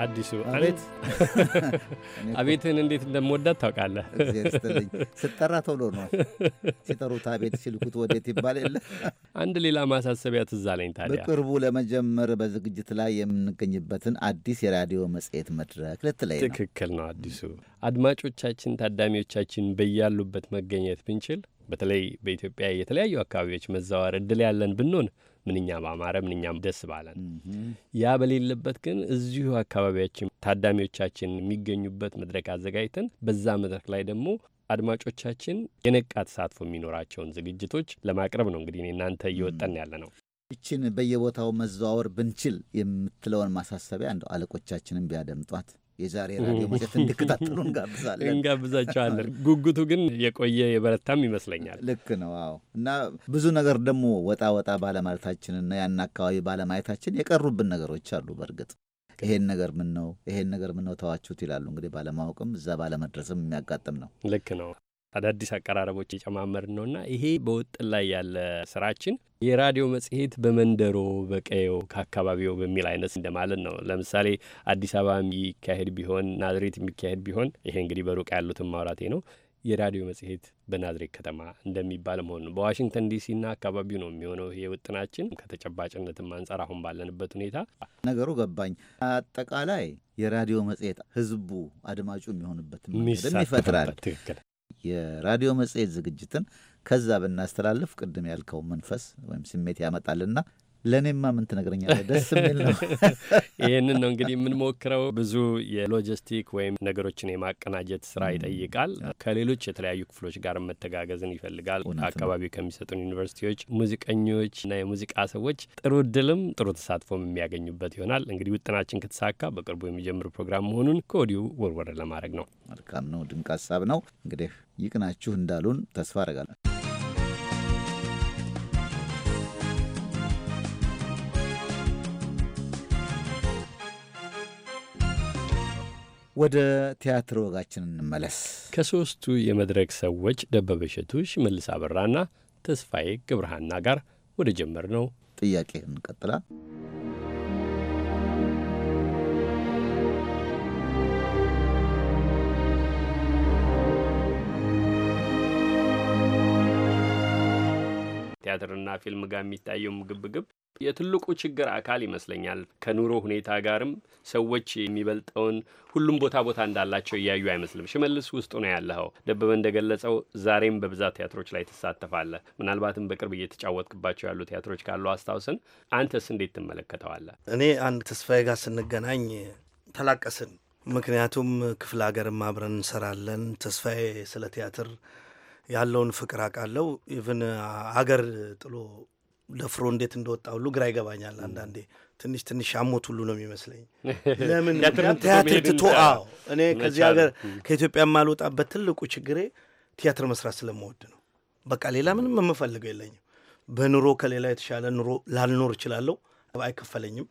አዲሱ አቤት አቤትን እንዴት እንደምወዳት ታውቃለህ። እግዚአብሔር ይስጥልኝ። ስጠራ ቶሎ ነው ሲጠሩት አቤት ሲልኩት ወዴት ይባል የለ። አንድ ሌላ ማሳሰቢያ ትዝ አለኝ። ታዲያ በቅርቡ ለመጀመር በዝግጅት ላይ የምንገኝበትን አዲስ የራዲዮ መጽሔት መድረክ ልትለይ ነው። ትክክል ነው አዲሱ። አድማጮቻችን፣ ታዳሚዎቻችን በያሉበት መገኘት ብንችል በተለይ በኢትዮጵያ የተለያዩ አካባቢዎች መዘዋወር እድል ያለን ብንሆን ምንኛ ባማረ ምንኛም ደስ ባለን። ያ በሌለበት ግን እዚሁ አካባቢያችን ታዳሚዎቻችን የሚገኙበት መድረክ አዘጋጅተን በዛ መድረክ ላይ ደግሞ አድማጮቻችን የነቃ ተሳትፎ የሚኖራቸውን ዝግጅቶች ለማቅረብ ነው እንግዲህ እናንተ እየወጠን ያለ ነው። ይችን በየቦታው መዘዋወር ብንችል የምትለውን ማሳሰቢያ እንደው አለቆቻችንን ቢያደምጧት የዛሬ ራዲዮ መጽሔት [laughs] እንዲከታተሉ እንጋብዛለን እንጋብዛቸዋለን። ጉጉቱ ግን የቆየ የበረታም ይመስለኛል። ልክ ነው። አዎ። እና ብዙ ነገር ደግሞ ወጣ ወጣ ባለማለታችንና ያን አካባቢ ባለማየታችን የቀሩብን ነገሮች አሉ። በእርግጥ ይሄን ነገር ምን ነው ይሄን ነገር ምን ነው ተዋችሁት ይላሉ። እንግዲህ ባለማወቅም እዛ ባለመድረስም የሚያጋጥም ነው። ልክ ነው። አዳዲስ አቀራረቦች ነው ነውና ይሄ በውጥን ላይ ያለ ስራችን የራዲዮ መጽሔት በመንደሮ በቀየው ከአካባቢው በሚል አይነት እንደማለት ነው። ለምሳሌ አዲስ አበባ የሚካሄድ ቢሆን ናዝሬት የሚካሄድ ቢሆን ይሄ እንግዲህ በሩቅ ያሉትን ማውራቴ ነው። የራዲዮ መጽሔት በናዝሬት ከተማ እንደሚባል መሆን ነው። በዋሽንግተን ዲሲና አካባቢው ነው የሚሆነው ይሄ ውጥናችን። ከተጨባጭነትም አንጻር አሁን ባለንበት ሁኔታ ነገሩ ገባኝ። አጠቃላይ የራዲዮ መጽሔት ህዝቡ አድማጩ የሚሆንበት ይፈጥራል። ትክክል። የራዲዮ መጽሔት ዝግጅትን ከዛ ብናስተላልፍ ቅድም ያልከው መንፈስ ወይም ስሜት ያመጣልና ለእኔማ ምን ትነግረኛለህ? ደስ የሚል ነው። [laughs] ይህንን ነው እንግዲህ የምንሞክረው። ብዙ የሎጂስቲክ ወይም ነገሮችን የማቀናጀት ስራ ይጠይቃል። ከሌሎች የተለያዩ ክፍሎች ጋር መተጋገዝን ይፈልጋል። አካባቢው ከሚሰጡን ዩኒቨርሲቲዎች ሙዚቀኞች እና የሙዚቃ ሰዎች ጥሩ እድልም ጥሩ ተሳትፎም የሚያገኙበት ይሆናል። እንግዲህ ውጥናችን ከተሳካ በቅርቡ የሚጀምር ፕሮግራም መሆኑን ከወዲሁ ወርወር ለማድረግ ነው። መልካም ነው። ድንቅ ሀሳብ ነው። እንግዲህ ይቅናችሁ እንዳሉን ተስፋ አረጋለን። ወደ ቲያትር ወጋችን እንመለስ። ከሦስቱ የመድረክ ሰዎች ደበበ እሸቱ፣ ሽመልስ አበራና ተስፋዬ ገብረሃና ጋር ወደ ጀመር ነው ጥያቄ እንቀጥላል። ቲያትርና ፊልም ጋር የሚታየው ግብ! የትልቁ ችግር አካል ይመስለኛል። ከኑሮ ሁኔታ ጋርም ሰዎች የሚበልጠውን ሁሉም ቦታ ቦታ እንዳላቸው እያዩ አይመስልም። ሽመልስ ውስጡ ነው ያለኸው። ደበበ እንደገለጸው ዛሬም በብዛት ቲያትሮች ላይ ትሳተፋለህ። ምናልባትም በቅርብ እየተጫወትክባቸው ያሉ ቲያትሮች ካሉ አስታውስን። አንተስ እንዴት ትመለከተዋለህ? እኔ አንድ ተስፋዬ ጋር ስንገናኝ ተላቀስን። ምክንያቱም ክፍለ ሀገርም አብረን እንሰራለን። ተስፋዬ ስለ ቲያትር ያለውን ፍቅር አውቃለሁ። ኢቭን አገር ጥሎ ለፍሮ እንዴት እንደወጣ ሁሉ ግራ ይገባኛል። አንዳንዴ ትንሽ ትንሽ አሞት ሁሉ ነው የሚመስለኝ። ለምን ቲያትር ትቶ አዎ፣ እኔ ከዚህ ሀገር ከኢትዮጵያ የማልወጣበት ትልቁ ችግሬ ቲያትር መስራት ስለምወድ ነው። በቃ ሌላ ምንም የምፈልገው የለኝም። በኑሮ ከሌላ የተሻለ ኑሮ ላልኖር እችላለሁ፣ አይከፈለኝም፣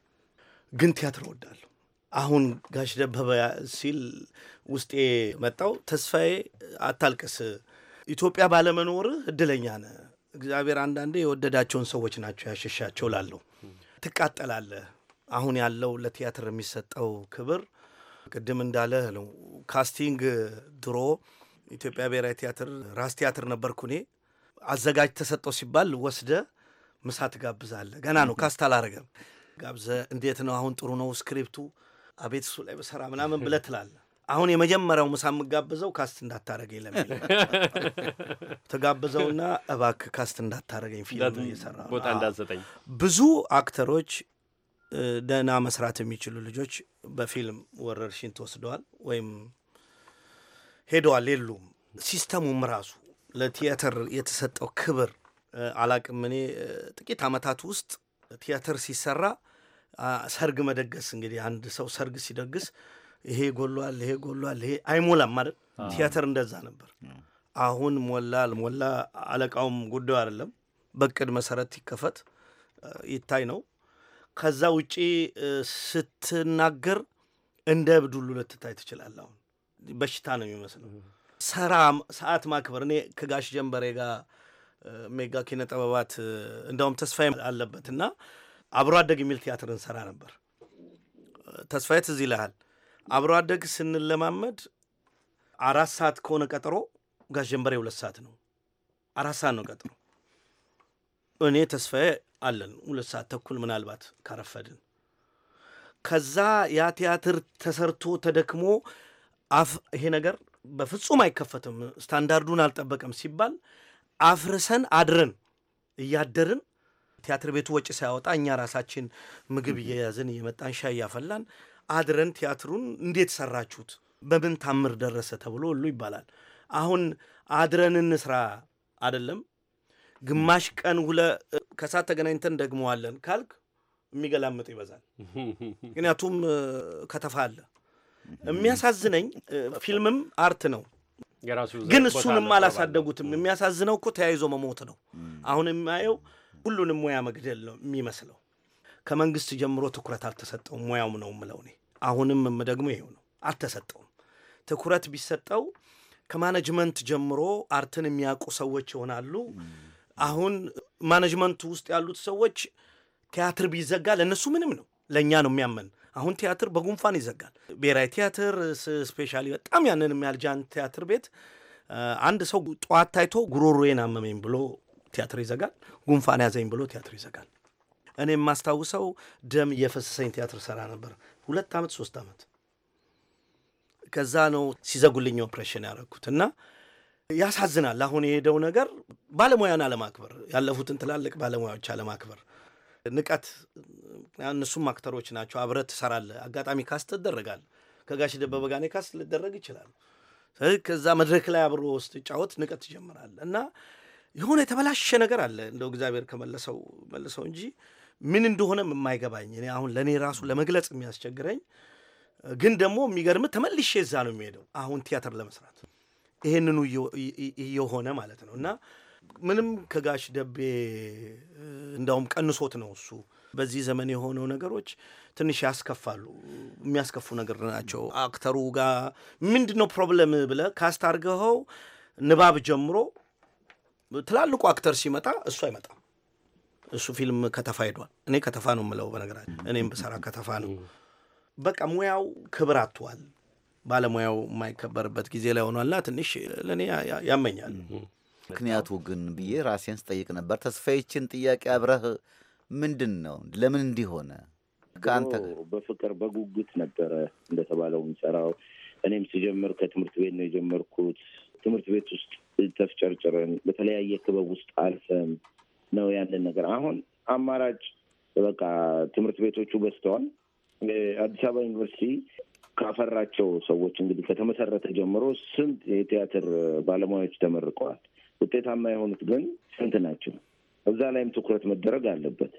ግን ቲያትር እወዳለሁ። አሁን ጋሽ ደበበ ሲል ውስጤ መጣው። ተስፋዬ አታልቅስ ኢትዮጵያ ባለመኖርህ እድለኛ ነህ እግዚአብሔር አንዳንዴ የወደዳቸውን ሰዎች ናቸው ያሸሻቸው ላለሁ ትቃጠላለህ። አሁን ያለው ለቲያትር የሚሰጠው ክብር ቅድም እንዳለ ነው። ካስቲንግ ድሮ ኢትዮጵያ ብሔራዊ ቲያትር ራስ ቲያትር ነበርኩ እኔ። አዘጋጅ ተሰጠው ሲባል ወስደ ምሳ ትጋብዛለ ገና ነው ካስት አላረገም። ጋብዘ እንዴት ነው አሁን ጥሩ ነው ስክሪፕቱ፣ አቤት እሱ ላይ በሰራ ምናምን ብለ ትላለ። አሁን የመጀመሪያው ምሳ የምጋብዘው ካስት እንዳታረገኝ ለሚል [laughs] ተጋብዘውና እባክ ካስት እንዳታረገኝ ፊልም እየሰራ ብዙ አክተሮች ደህና መስራት የሚችሉ ልጆች በፊልም ወረርሽኝ ተወስደዋል ወይም ሄደዋል የሉም። ሲስተሙም ራሱ ለቲያትር የተሰጠው ክብር አላቅም። እኔ ጥቂት አመታት ውስጥ ቲያትር ሲሰራ ሰርግ መደገስ እንግዲህ አንድ ሰው ሰርግ ሲደግስ ይሄ ጎሏል፣ ይሄ ጎሏል፣ ይሄ አይሞላም ማለት ቲያትር እንደዛ ነበር። አሁን ሞላ አልሞላ አለቃውም ጉዳዩ አይደለም። በቅድ መሰረት ይከፈት ይታይ ነው። ከዛ ውጪ ስትናገር እንደ እብድ ሁሉ ልትታይ ትችላለህ። አሁን በሽታ ነው የሚመስለው። ሰራ ሰዓት ማክበር እኔ ከጋሽ ጀንበሬ ጋር ሜጋ ኪነ ጥበባት እንደውም ተስፋዬ አለበት እና አብሮ አደግ የሚል ቲያትር እንሰራ ነበር። ተስፋዬ ትዝ ይልሃል አብሮ አደግ ስንለማመድ አራት ሰዓት ከሆነ ቀጠሮ ጋሽ ጀንበሬ ሁለት ሰዓት ነው። አራት ሰዓት ነው ቀጠሮ። እኔ ተስፋዬ አለን ሁለት ሰዓት ተኩል ምናልባት ካረፈድን። ከዛ ያ ቲያትር ተሰርቶ ተደክሞ አፍ ይሄ ነገር በፍጹም አይከፈትም ስታንዳርዱን አልጠበቀም ሲባል አፍርሰን አድረን እያደርን ቲያትር ቤቱ ወጪ ሳያወጣ እኛ ራሳችን ምግብ እየያዝን እየመጣን ሻይ እያፈላን አድረን ቲያትሩን እንዴት ሰራችሁት? በምን ታምር ደረሰ ተብሎ ሁሉ ይባላል። አሁን አድረን እንስራ አይደለም ግማሽ ቀን ሁለ ከሰዓት ተገናኝተን ደግመዋለን ካልክ የሚገላምጥ ይበዛል። ምክንያቱም ከተፋ አለ። የሚያሳዝነኝ ፊልምም አርት ነው፣ ግን እሱንም አላሳደጉትም። የሚያሳዝነው እኮ ተያይዞ መሞት ነው። አሁን የማየው ሁሉንም ሙያ መግደል ነው የሚመስለው። ከመንግስት ጀምሮ ትኩረት አልተሰጠውም። ሙያውም ነው ምለው እኔ አሁንም ደግሞ ይሄው ነው፣ አልተሰጠውም። ትኩረት ቢሰጠው ከማኔጅመንት ጀምሮ አርትን የሚያውቁ ሰዎች ይሆናሉ። አሁን ማኔጅመንቱ ውስጥ ያሉት ሰዎች ቲያትር ቢዘጋ ለእነሱ ምንም ነው፣ ለእኛ ነው የሚያመን። አሁን ቲያትር በጉንፋን ይዘጋል። ብሔራዊ ቲያትር ስፔሻሊ በጣም ያንን የሚያልጃን ቲያትር ቤት አንድ ሰው ጠዋት ታይቶ ጉሮሮዬን አመመኝ ብሎ ቲያትር ይዘጋል። ጉንፋን ያዘኝ ብሎ ቲያትር ይዘጋል። እኔ የማስታውሰው ደም የፈሰሰኝ ቲያትር ሰራ ነበር። ሁለት ዓመት ሶስት ዓመት ከዛ ነው ሲዘጉልኝ ኦፕሬሽን ያደረግኩት እና ያሳዝናል። አሁን የሄደው ነገር ባለሙያን አለማክበር፣ ያለፉትን ትላልቅ ባለሙያዎች አለማክበር፣ ንቀት። እነሱም አክተሮች ናቸው። አብረት ትሰራለህ። አጋጣሚ ካስት ትደረጋል። ከጋሽ ደበበ ጋር ካስት ልደረግ ይችላል። ከዛ መድረክ ላይ አብሮ ውስጥ ጫወት ንቀት ትጀምራለህ እና የሆነ የተበላሸ ነገር አለ። እንደው እግዚአብሔር ከመለሰው መለሰው እንጂ ምን እንደሆነም የማይገባኝ እኔ አሁን ለእኔ ራሱ ለመግለጽ የሚያስቸግረኝ ግን ደግሞ የሚገርም ተመልሼ እዛ ነው የሚሄደው አሁን ቲያትር ለመስራት ይሄንኑ እየሆነ ማለት ነው እና ምንም ከጋሽ ደቤ እንዳውም ቀንሶት ነው እሱ በዚህ ዘመን የሆነው ነገሮች ትንሽ ያስከፋሉ፣ የሚያስከፉ ነገር ናቸው። አክተሩ ጋር ምንድን ነው ፕሮብለም ብለ ካስታርገኸው ንባብ ጀምሮ ትላልቁ አክተር ሲመጣ እሱ አይመጣም። እሱ ፊልም ከተፋ ሄዷል። እኔ ከተፋ ነው የምለው በነገራችን፣ እኔም ብሰራ ከተፋ ነው። በቃ ሙያው ክብር አጥቷል። ባለሙያው የማይከበርበት ጊዜ ላይ ሆኗልና ትንሽ ለእኔ ያመኛል። ምክንያቱ ግን ብዬ ራሴን ስጠይቅ ነበር። ተስፋዬችን ጥያቄ አብረህ ምንድን ነው ለምን እንዲሆነ ከአንተ በፍቅር በጉጉት ነበረ እንደተባለው የሚሰራው። እኔም ሲጀምር ከትምህርት ቤት ነው የጀመርኩት። ትምህርት ቤት ውስጥ ተፍጨርጭረን በተለያየ ክበብ ውስጥ አልፈን ነው ያለን ነገር። አሁን አማራጭ በቃ ትምህርት ቤቶቹ በዝተዋል። አዲስ አበባ ዩኒቨርሲቲ ካፈራቸው ሰዎች እንግዲህ ከተመሰረተ ጀምሮ ስንት የቲያትር ባለሙያዎች ተመርቀዋል። ውጤታማ የሆኑት ግን ስንት ናቸው? እዛ ላይም ትኩረት መደረግ አለበት።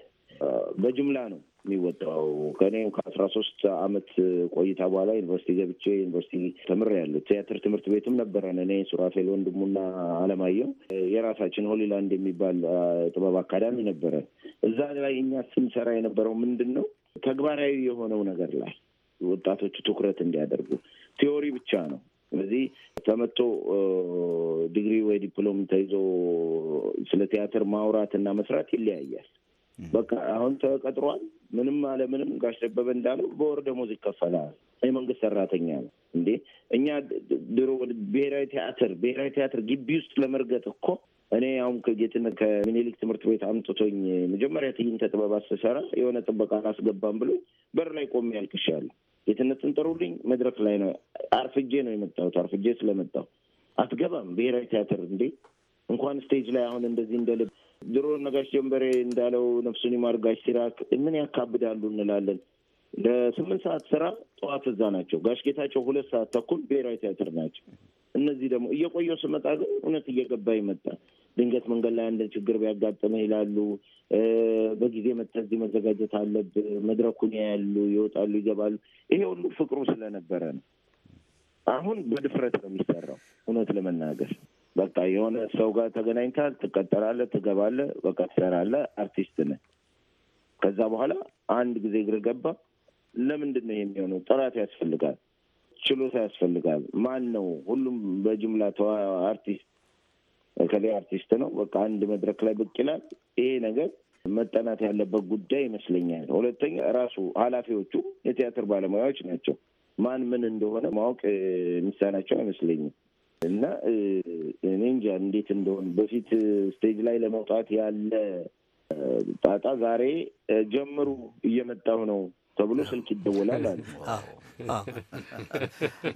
በጅምላ ነው የሚወጣው። ከእኔም ከአስራ ሶስት አመት ቆይታ በኋላ ዩኒቨርሲቲ ገብቼ ዩኒቨርሲቲ ተምሬያለሁ። ቲያትር ትምህርት ቤትም ነበረን። እኔ ሱራፌል ወንድሙና አለማየሁ የራሳችን ሆሊላንድ የሚባል ጥበብ አካዳሚ ነበረን። እዛ ላይ እኛ ስንሰራ የነበረው ምንድን ነው ተግባራዊ የሆነው ነገር ላይ ወጣቶቹ ትኩረት እንዲያደርጉ ቲዎሪ ብቻ ነው። ስለዚህ ተመቶ ዲግሪ ወይ ዲፕሎም ተይዞ ስለ ቲያትር ማውራት እና መስራት ይለያያል። በቃ አሁን ተቀጥሯል። ምንም አለምንም ጋሽ ደበበ እንዳለው በወር ደሞዝ ይከፈላል። የመንግስት ሰራተኛ ነው እንዴ? እኛ ድሮ ብሔራዊ ቲያትር ብሔራዊ ቲያትር ግቢ ውስጥ ለመርገጥ እኮ እኔ አሁን ከጌትነት ከሚኒሊክ ትምህርት ቤት አምጥቶኝ መጀመሪያ ትዕይንተ ጥበባት አስተሰራ የሆነ ጥበቃ አላስገባም ብሎኝ በር ላይ ቆሜ ያልቅሻለሁ። ጌትነትን ጥሩልኝ፣ መድረክ ላይ ነው አርፍጄ ነው የመጣሁት። አርፍጄ ስለመጣሁ አትገባም ብሔራዊ ቲያትር እንዴ! እንኳን ስቴጅ ላይ አሁን እንደዚህ እንደ ልብ ድሮ ነጋሽ ጀንበሬ እንዳለው ነፍሱን ይማር ጋሽ ሲራክ ምን ያካብዳሉ እንላለን። ለስምንት ሰዓት ስራ ጠዋት እዛ ናቸው። ጋሽ ጌታቸው ሁለት ሰዓት ተኩል ብሔራዊ ቲያትር ናቸው። እነዚህ ደግሞ እየቆየው ስመጣ ግን እውነት እየገባ ይመጣ። ድንገት መንገድ ላይ አንድ ችግር ቢያጋጠመ ይላሉ። በጊዜ መጥተህ እዚህ መዘጋጀት አለብ መድረኩን ያያሉ፣ ይወጣሉ፣ ይገባሉ። ይሄ ሁሉ ፍቅሩ ስለነበረ ነው። አሁን በድፍረት ነው የሚሰራው እውነት ለመናገር በቃ የሆነ ሰው ጋር ተገናኝታል፣ ትቀጠራለህ፣ ትገባለህ፣ በቃ ትሰራለህ፣ አርቲስት ነህ። ከዛ በኋላ አንድ ጊዜ እግር ገባ። ለምንድን ነው የሚሆነው? ጥራት ያስፈልጋል፣ ችሎታ ያስፈልጋል። ማን ነው ሁሉም በጅምላ አርቲስት እከሌ አርቲስት ነው፣ በቃ አንድ መድረክ ላይ ብቅ ይላል። ይሄ ነገር መጠናት ያለበት ጉዳይ ይመስለኛል። ሁለተኛ ራሱ ኃላፊዎቹ የቲያትር ባለሙያዎች ናቸው። ማን ምን እንደሆነ ማወቅ የሚሳናቸው አይመስለኝም። እና እኔ እንጃ እንዴት እንደሆን በፊት ስቴጅ ላይ ለመውጣት ያለ ጣጣ ዛሬ ጀምሩ እየመጣው ነው ተብሎ ስልክ ይደወላል አለ።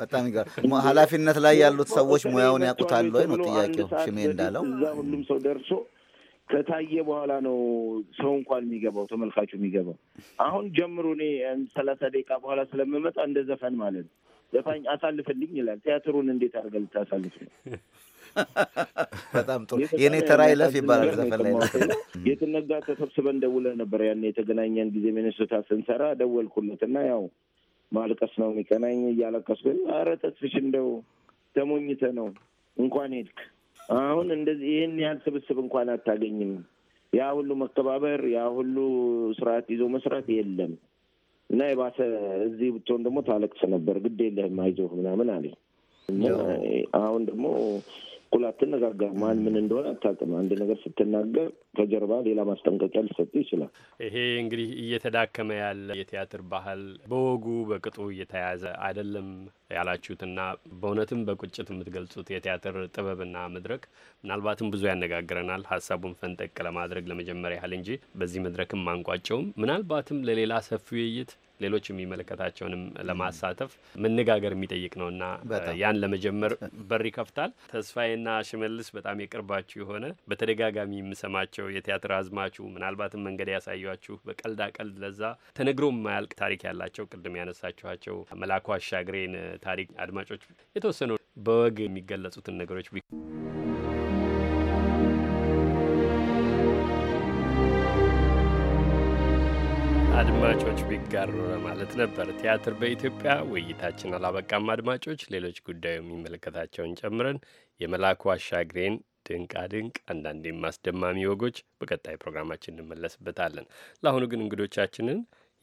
በጣም ኃላፊነት ላይ ያሉት ሰዎች ሙያውን ያውቁታል ወይ ነው ጥያቄው። ሽሜ እንዳለው እዛ ሁሉም ሰው ደርሶ ከታየ በኋላ ነው ሰው እንኳን የሚገባው ተመልካቹ የሚገባው። አሁን ጀምሩ እኔ ሰላሳ ደቂቃ በኋላ ስለምመጣ እንደ ዘፈን ማለት ነው ዘፋኝ አሳልፍልኝ ይላል። ቲያትሩን እንዴት አድርገህ ልታሳልፍ ነው? በጣም ጥሩ። የኔ ተራ ይለፍ ይባላል ዘፈን ላይ የትነጋ ተሰብስበን ደውለን ነበር። ያን የተገናኘን ጊዜ ሚኒሶታ ስንሰራ ደወልኩለት እና ያው ማልቀስ ነው የሚቀናኝ እያለቀስኩ ኧረ ተስፍሽ እንደው ተሞኝተ ነው እንኳን ሄድክ። አሁን እንደዚህ ይህን ያህል ስብስብ እንኳን አታገኝም። ያ ሁሉ መከባበር፣ ያ ሁሉ ስርዓት ይዞ መስራት የለም። እና የባሰ እዚህ ብትሆን ደግሞ ታለቅስ ነበር፣ ግድ የለህም አይዞህ ምናምን አለኝ። አሁን ደግሞ እኩል አትነጋገር። ማን ምን እንደሆነ አታውቅም። አንድ ነገር ስትናገር ከጀርባ ሌላ ማስጠንቀቂያ ሊሰጥ ይችላል። ይሄ እንግዲህ እየተዳከመ ያለ የቲያትር ባህል በወጉ በቅጡ እየተያዘ አይደለም ያላችሁትና በእውነትም በቁጭት የምትገልጹት የቲያትር ጥበብና መድረክ ምናልባትም ብዙ ያነጋግረናል። ሀሳቡን ፈንጠቅ ለማድረግ ለመጀመሪያ ያህል እንጂ በዚህ መድረክም አንቋጨውም። ምናልባትም ለሌላ ሰፊ ውይይት ሌሎች የሚመለከታቸውንም ለማሳተፍ መነጋገር የሚጠይቅ ነውና ያን ለመጀመር በር ይከፍታል። ተስፋዬና ሽመልስ በጣም የቅርባችሁ የሆነ በተደጋጋሚ የምሰማቸው የቲያትር አዝማችሁ ምናልባትም መንገድ ያሳያችሁ በቀልዳ ቀልድ ለዛ ተነግሮ የማያልቅ ታሪክ ያላቸው ቅድም ያነሳችኋቸው መላኩ አሻግሬን ታሪክ አድማጮች የተወሰኑ በወግ የሚገለጹትን ነገሮች አድማጮች ቢጋሩ ለማለት ነበር። ቲያትር በኢትዮጵያ ውይይታችን አላበቃም። አድማጮች ሌሎች ጉዳዩ የሚመለከታቸውን ጨምረን የመላኩ አሻግሬን ድንቃ ድንቅ አንዳንዴም አስደማሚ ወጎች በቀጣይ ፕሮግራማችን እንመለስበታለን። ለአሁኑ ግን እንግዶቻችንን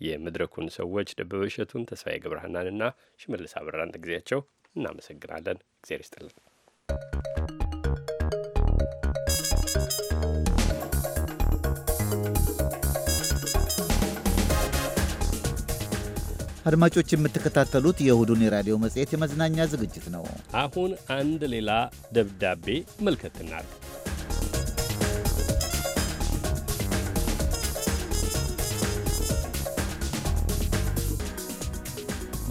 የመድረኩን ሰዎች ደበበ እሸቱን፣ ተስፋዬ ገብረሃናንና ሽመልስ አበራን ለጊዜያቸው እናመሰግናለን። እግዜር ይስጥልን። አድማጮች የምትከታተሉት የእሁዱን የራዲዮ መጽሔት የመዝናኛ ዝግጅት ነው። አሁን አንድ ሌላ ደብዳቤ መልከት እናድርግ።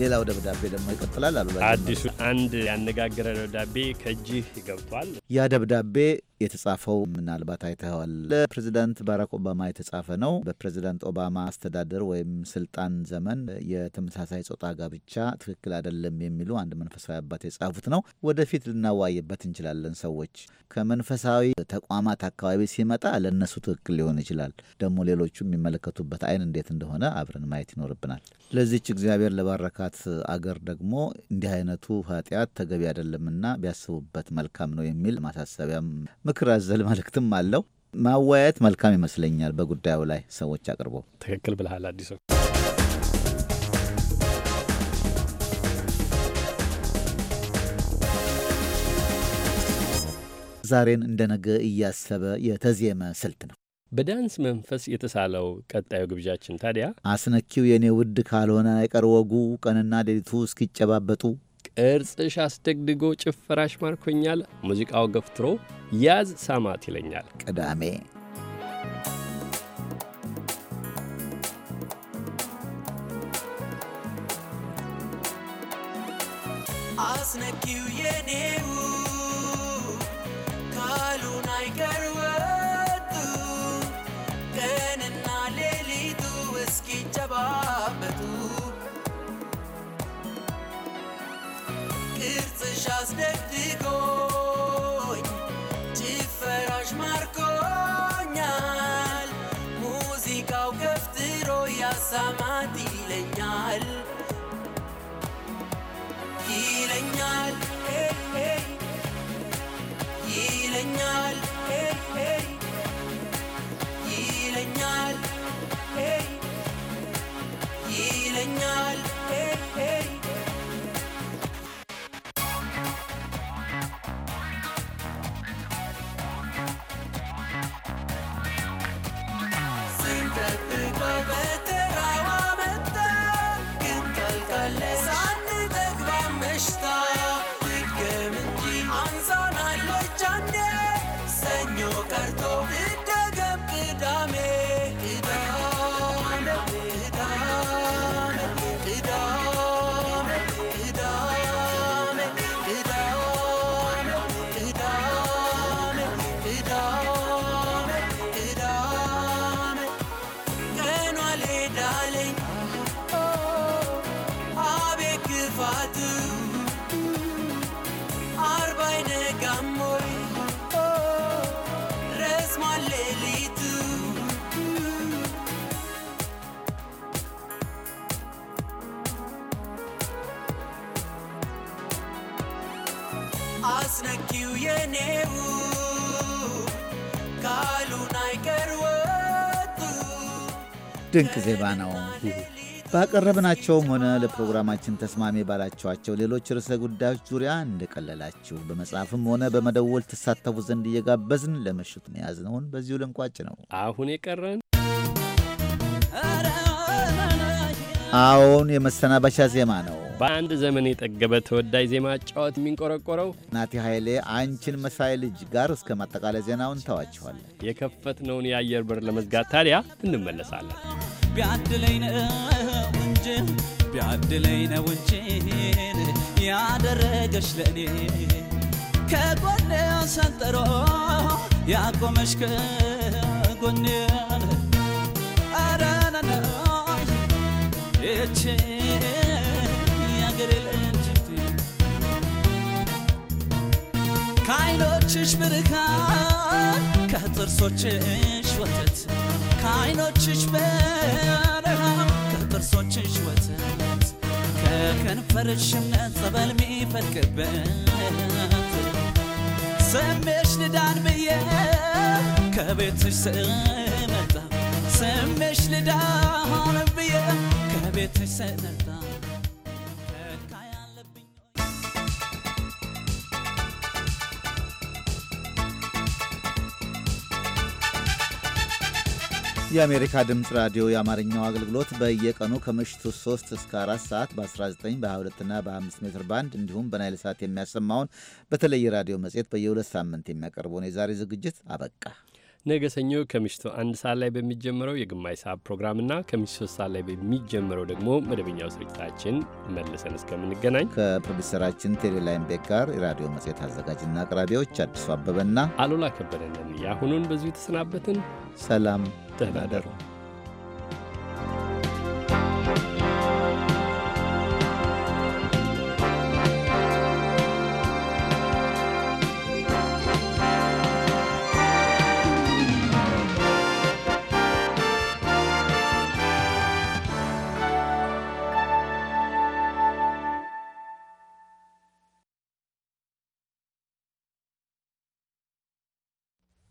ሌላው ደብዳቤ ደግሞ ይቀጥላል። አሉ አዲሱ አንድ ያነጋገረ ደብዳቤ ከእጅህ ገብቷል። ያ ደብዳቤ የተጻፈው ምናልባት አይተዋል። ለፕሬዚዳንት ባራክ ኦባማ የተጻፈ ነው። በፕሬዚዳንት ኦባማ አስተዳደር ወይም ስልጣን ዘመን የተመሳሳይ ጾታ ጋብቻ ትክክል አይደለም የሚሉ አንድ መንፈሳዊ አባት የጻፉት ነው። ወደፊት ልናዋይበት እንችላለን። ሰዎች ከመንፈሳዊ ተቋማት አካባቢ ሲመጣ ለእነሱ ትክክል ሊሆን ይችላል። ደግሞ ሌሎቹ የሚመለከቱበት አይን እንዴት እንደሆነ አብረን ማየት ይኖርብናል። ለዚች እግዚአብሔር ለባረካ የጥፋት አገር ደግሞ እንዲህ አይነቱ ኃጢአት ተገቢ አይደለምና ቢያስቡበት መልካም ነው የሚል ማሳሰቢያም ምክር አዘል መልእክትም አለው። ማወያየት መልካም ይመስለኛል በጉዳዩ ላይ ሰዎች አቅርቦ። ትክክል ብለሃል አዲሱ። ዛሬን ነገ እያሰበ የተዜመ ስልት ነው። በዳንስ መንፈስ የተሳለው ቀጣዩ ግብዣችን ታዲያ አስነኪው የእኔ ውድ ካልሆነ አይቀር ወጉ ቀንና ሌሊቱ እስኪጨባበጡ ቅርጽሽ አስደግድጎ ጭፈራሽ ማርኮኛል፣ ሙዚቃው ገፍትሮ ያዝ ሳማት ይለኛል ቅዳሜ አስነኪው የኔው ካሉን አይቀርወ час де вogl Ti ferax markonjal Mużika u kif tiroja samati lenjal Jilenjal, hey, hey Jilenjal, hey, hey hey ድንቅ ዜማ ነው። ባቀረብናቸውም ሆነ ለፕሮግራማችን ተስማሚ ባላችኋቸው ሌሎች ርዕሰ ጉዳዮች ዙሪያ እንደቀለላችሁ በመጽሐፍም ሆነ በመደወል ትሳተፉ ዘንድ እየጋበዝን ለምሽቱን የያዝነውን በዚሁ ልንቋጭ ነው። አሁን የቀረን አዎን የመሰናበቻ ዜማ ነው። በአንድ ዘመን የጠገበ ተወዳጅ ዜማ ጫወት የሚንቆረቆረው ናቲ ኃይሌ አንቺን መሳይ ልጅ ጋር እስከ ማጠቃለያ ዜናውን ተዋችኋለን። የከፈትነውን የአየር በር ለመዝጋት ታዲያ እንመለሳለን። ቢያድለኝ ነው እንጂ ቢያድለኝ ነው እንጂ ለእኔ ከጎኔ ሰንጠሮ ያቆመሽ ከጎኔ ከዓይኖችሽ ብርሃን ከጥርሶችሽ ወተት ከዓይኖችሽ ብርሃን ከጥርሶችሽ ወተት ከከንፈርሽ እምነት ሚፈልቅበት ስሜሽ ልዳን ብዬ ከቤትሽ ስመጣ ስሜሽ ልዳን ብዬ ከቤትሽ ስመጣ የአሜሪካ ድምፅ ራዲዮ የአማርኛው አገልግሎት በየቀኑ ከምሽቱ 3 እስከ 4 ሰዓት በ19 በ22 እና በ 5 ሜትር ባንድ እንዲሁም በናይል ሰዓት የሚያሰማውን በተለይ ራዲዮ መጽሔት በየሁለት ሳምንት የሚያቀርበውን የዛሬ ዝግጅት አበቃ። ነገ ሰኞ ከምሽቱ አንድ ሰዓት ላይ በሚጀምረው የግማሽ ሰዓት ፕሮግራምና ከምሽቱ ሶስት ሰዓት ላይ በሚጀምረው ደግሞ መደበኛው ስርጭታችን መልሰን እስከምንገናኝ ከፕሮዲሰራችን ቴሌላይን ቤክ ጋር የራዲዮ መጽሔት አዘጋጅና አቅራቢዎች አዲሱ አበበና አሉላ ከበደንን ያሁኑን በዚሁ የተሰናበትን። ሰላም፣ ደህና ደሩ።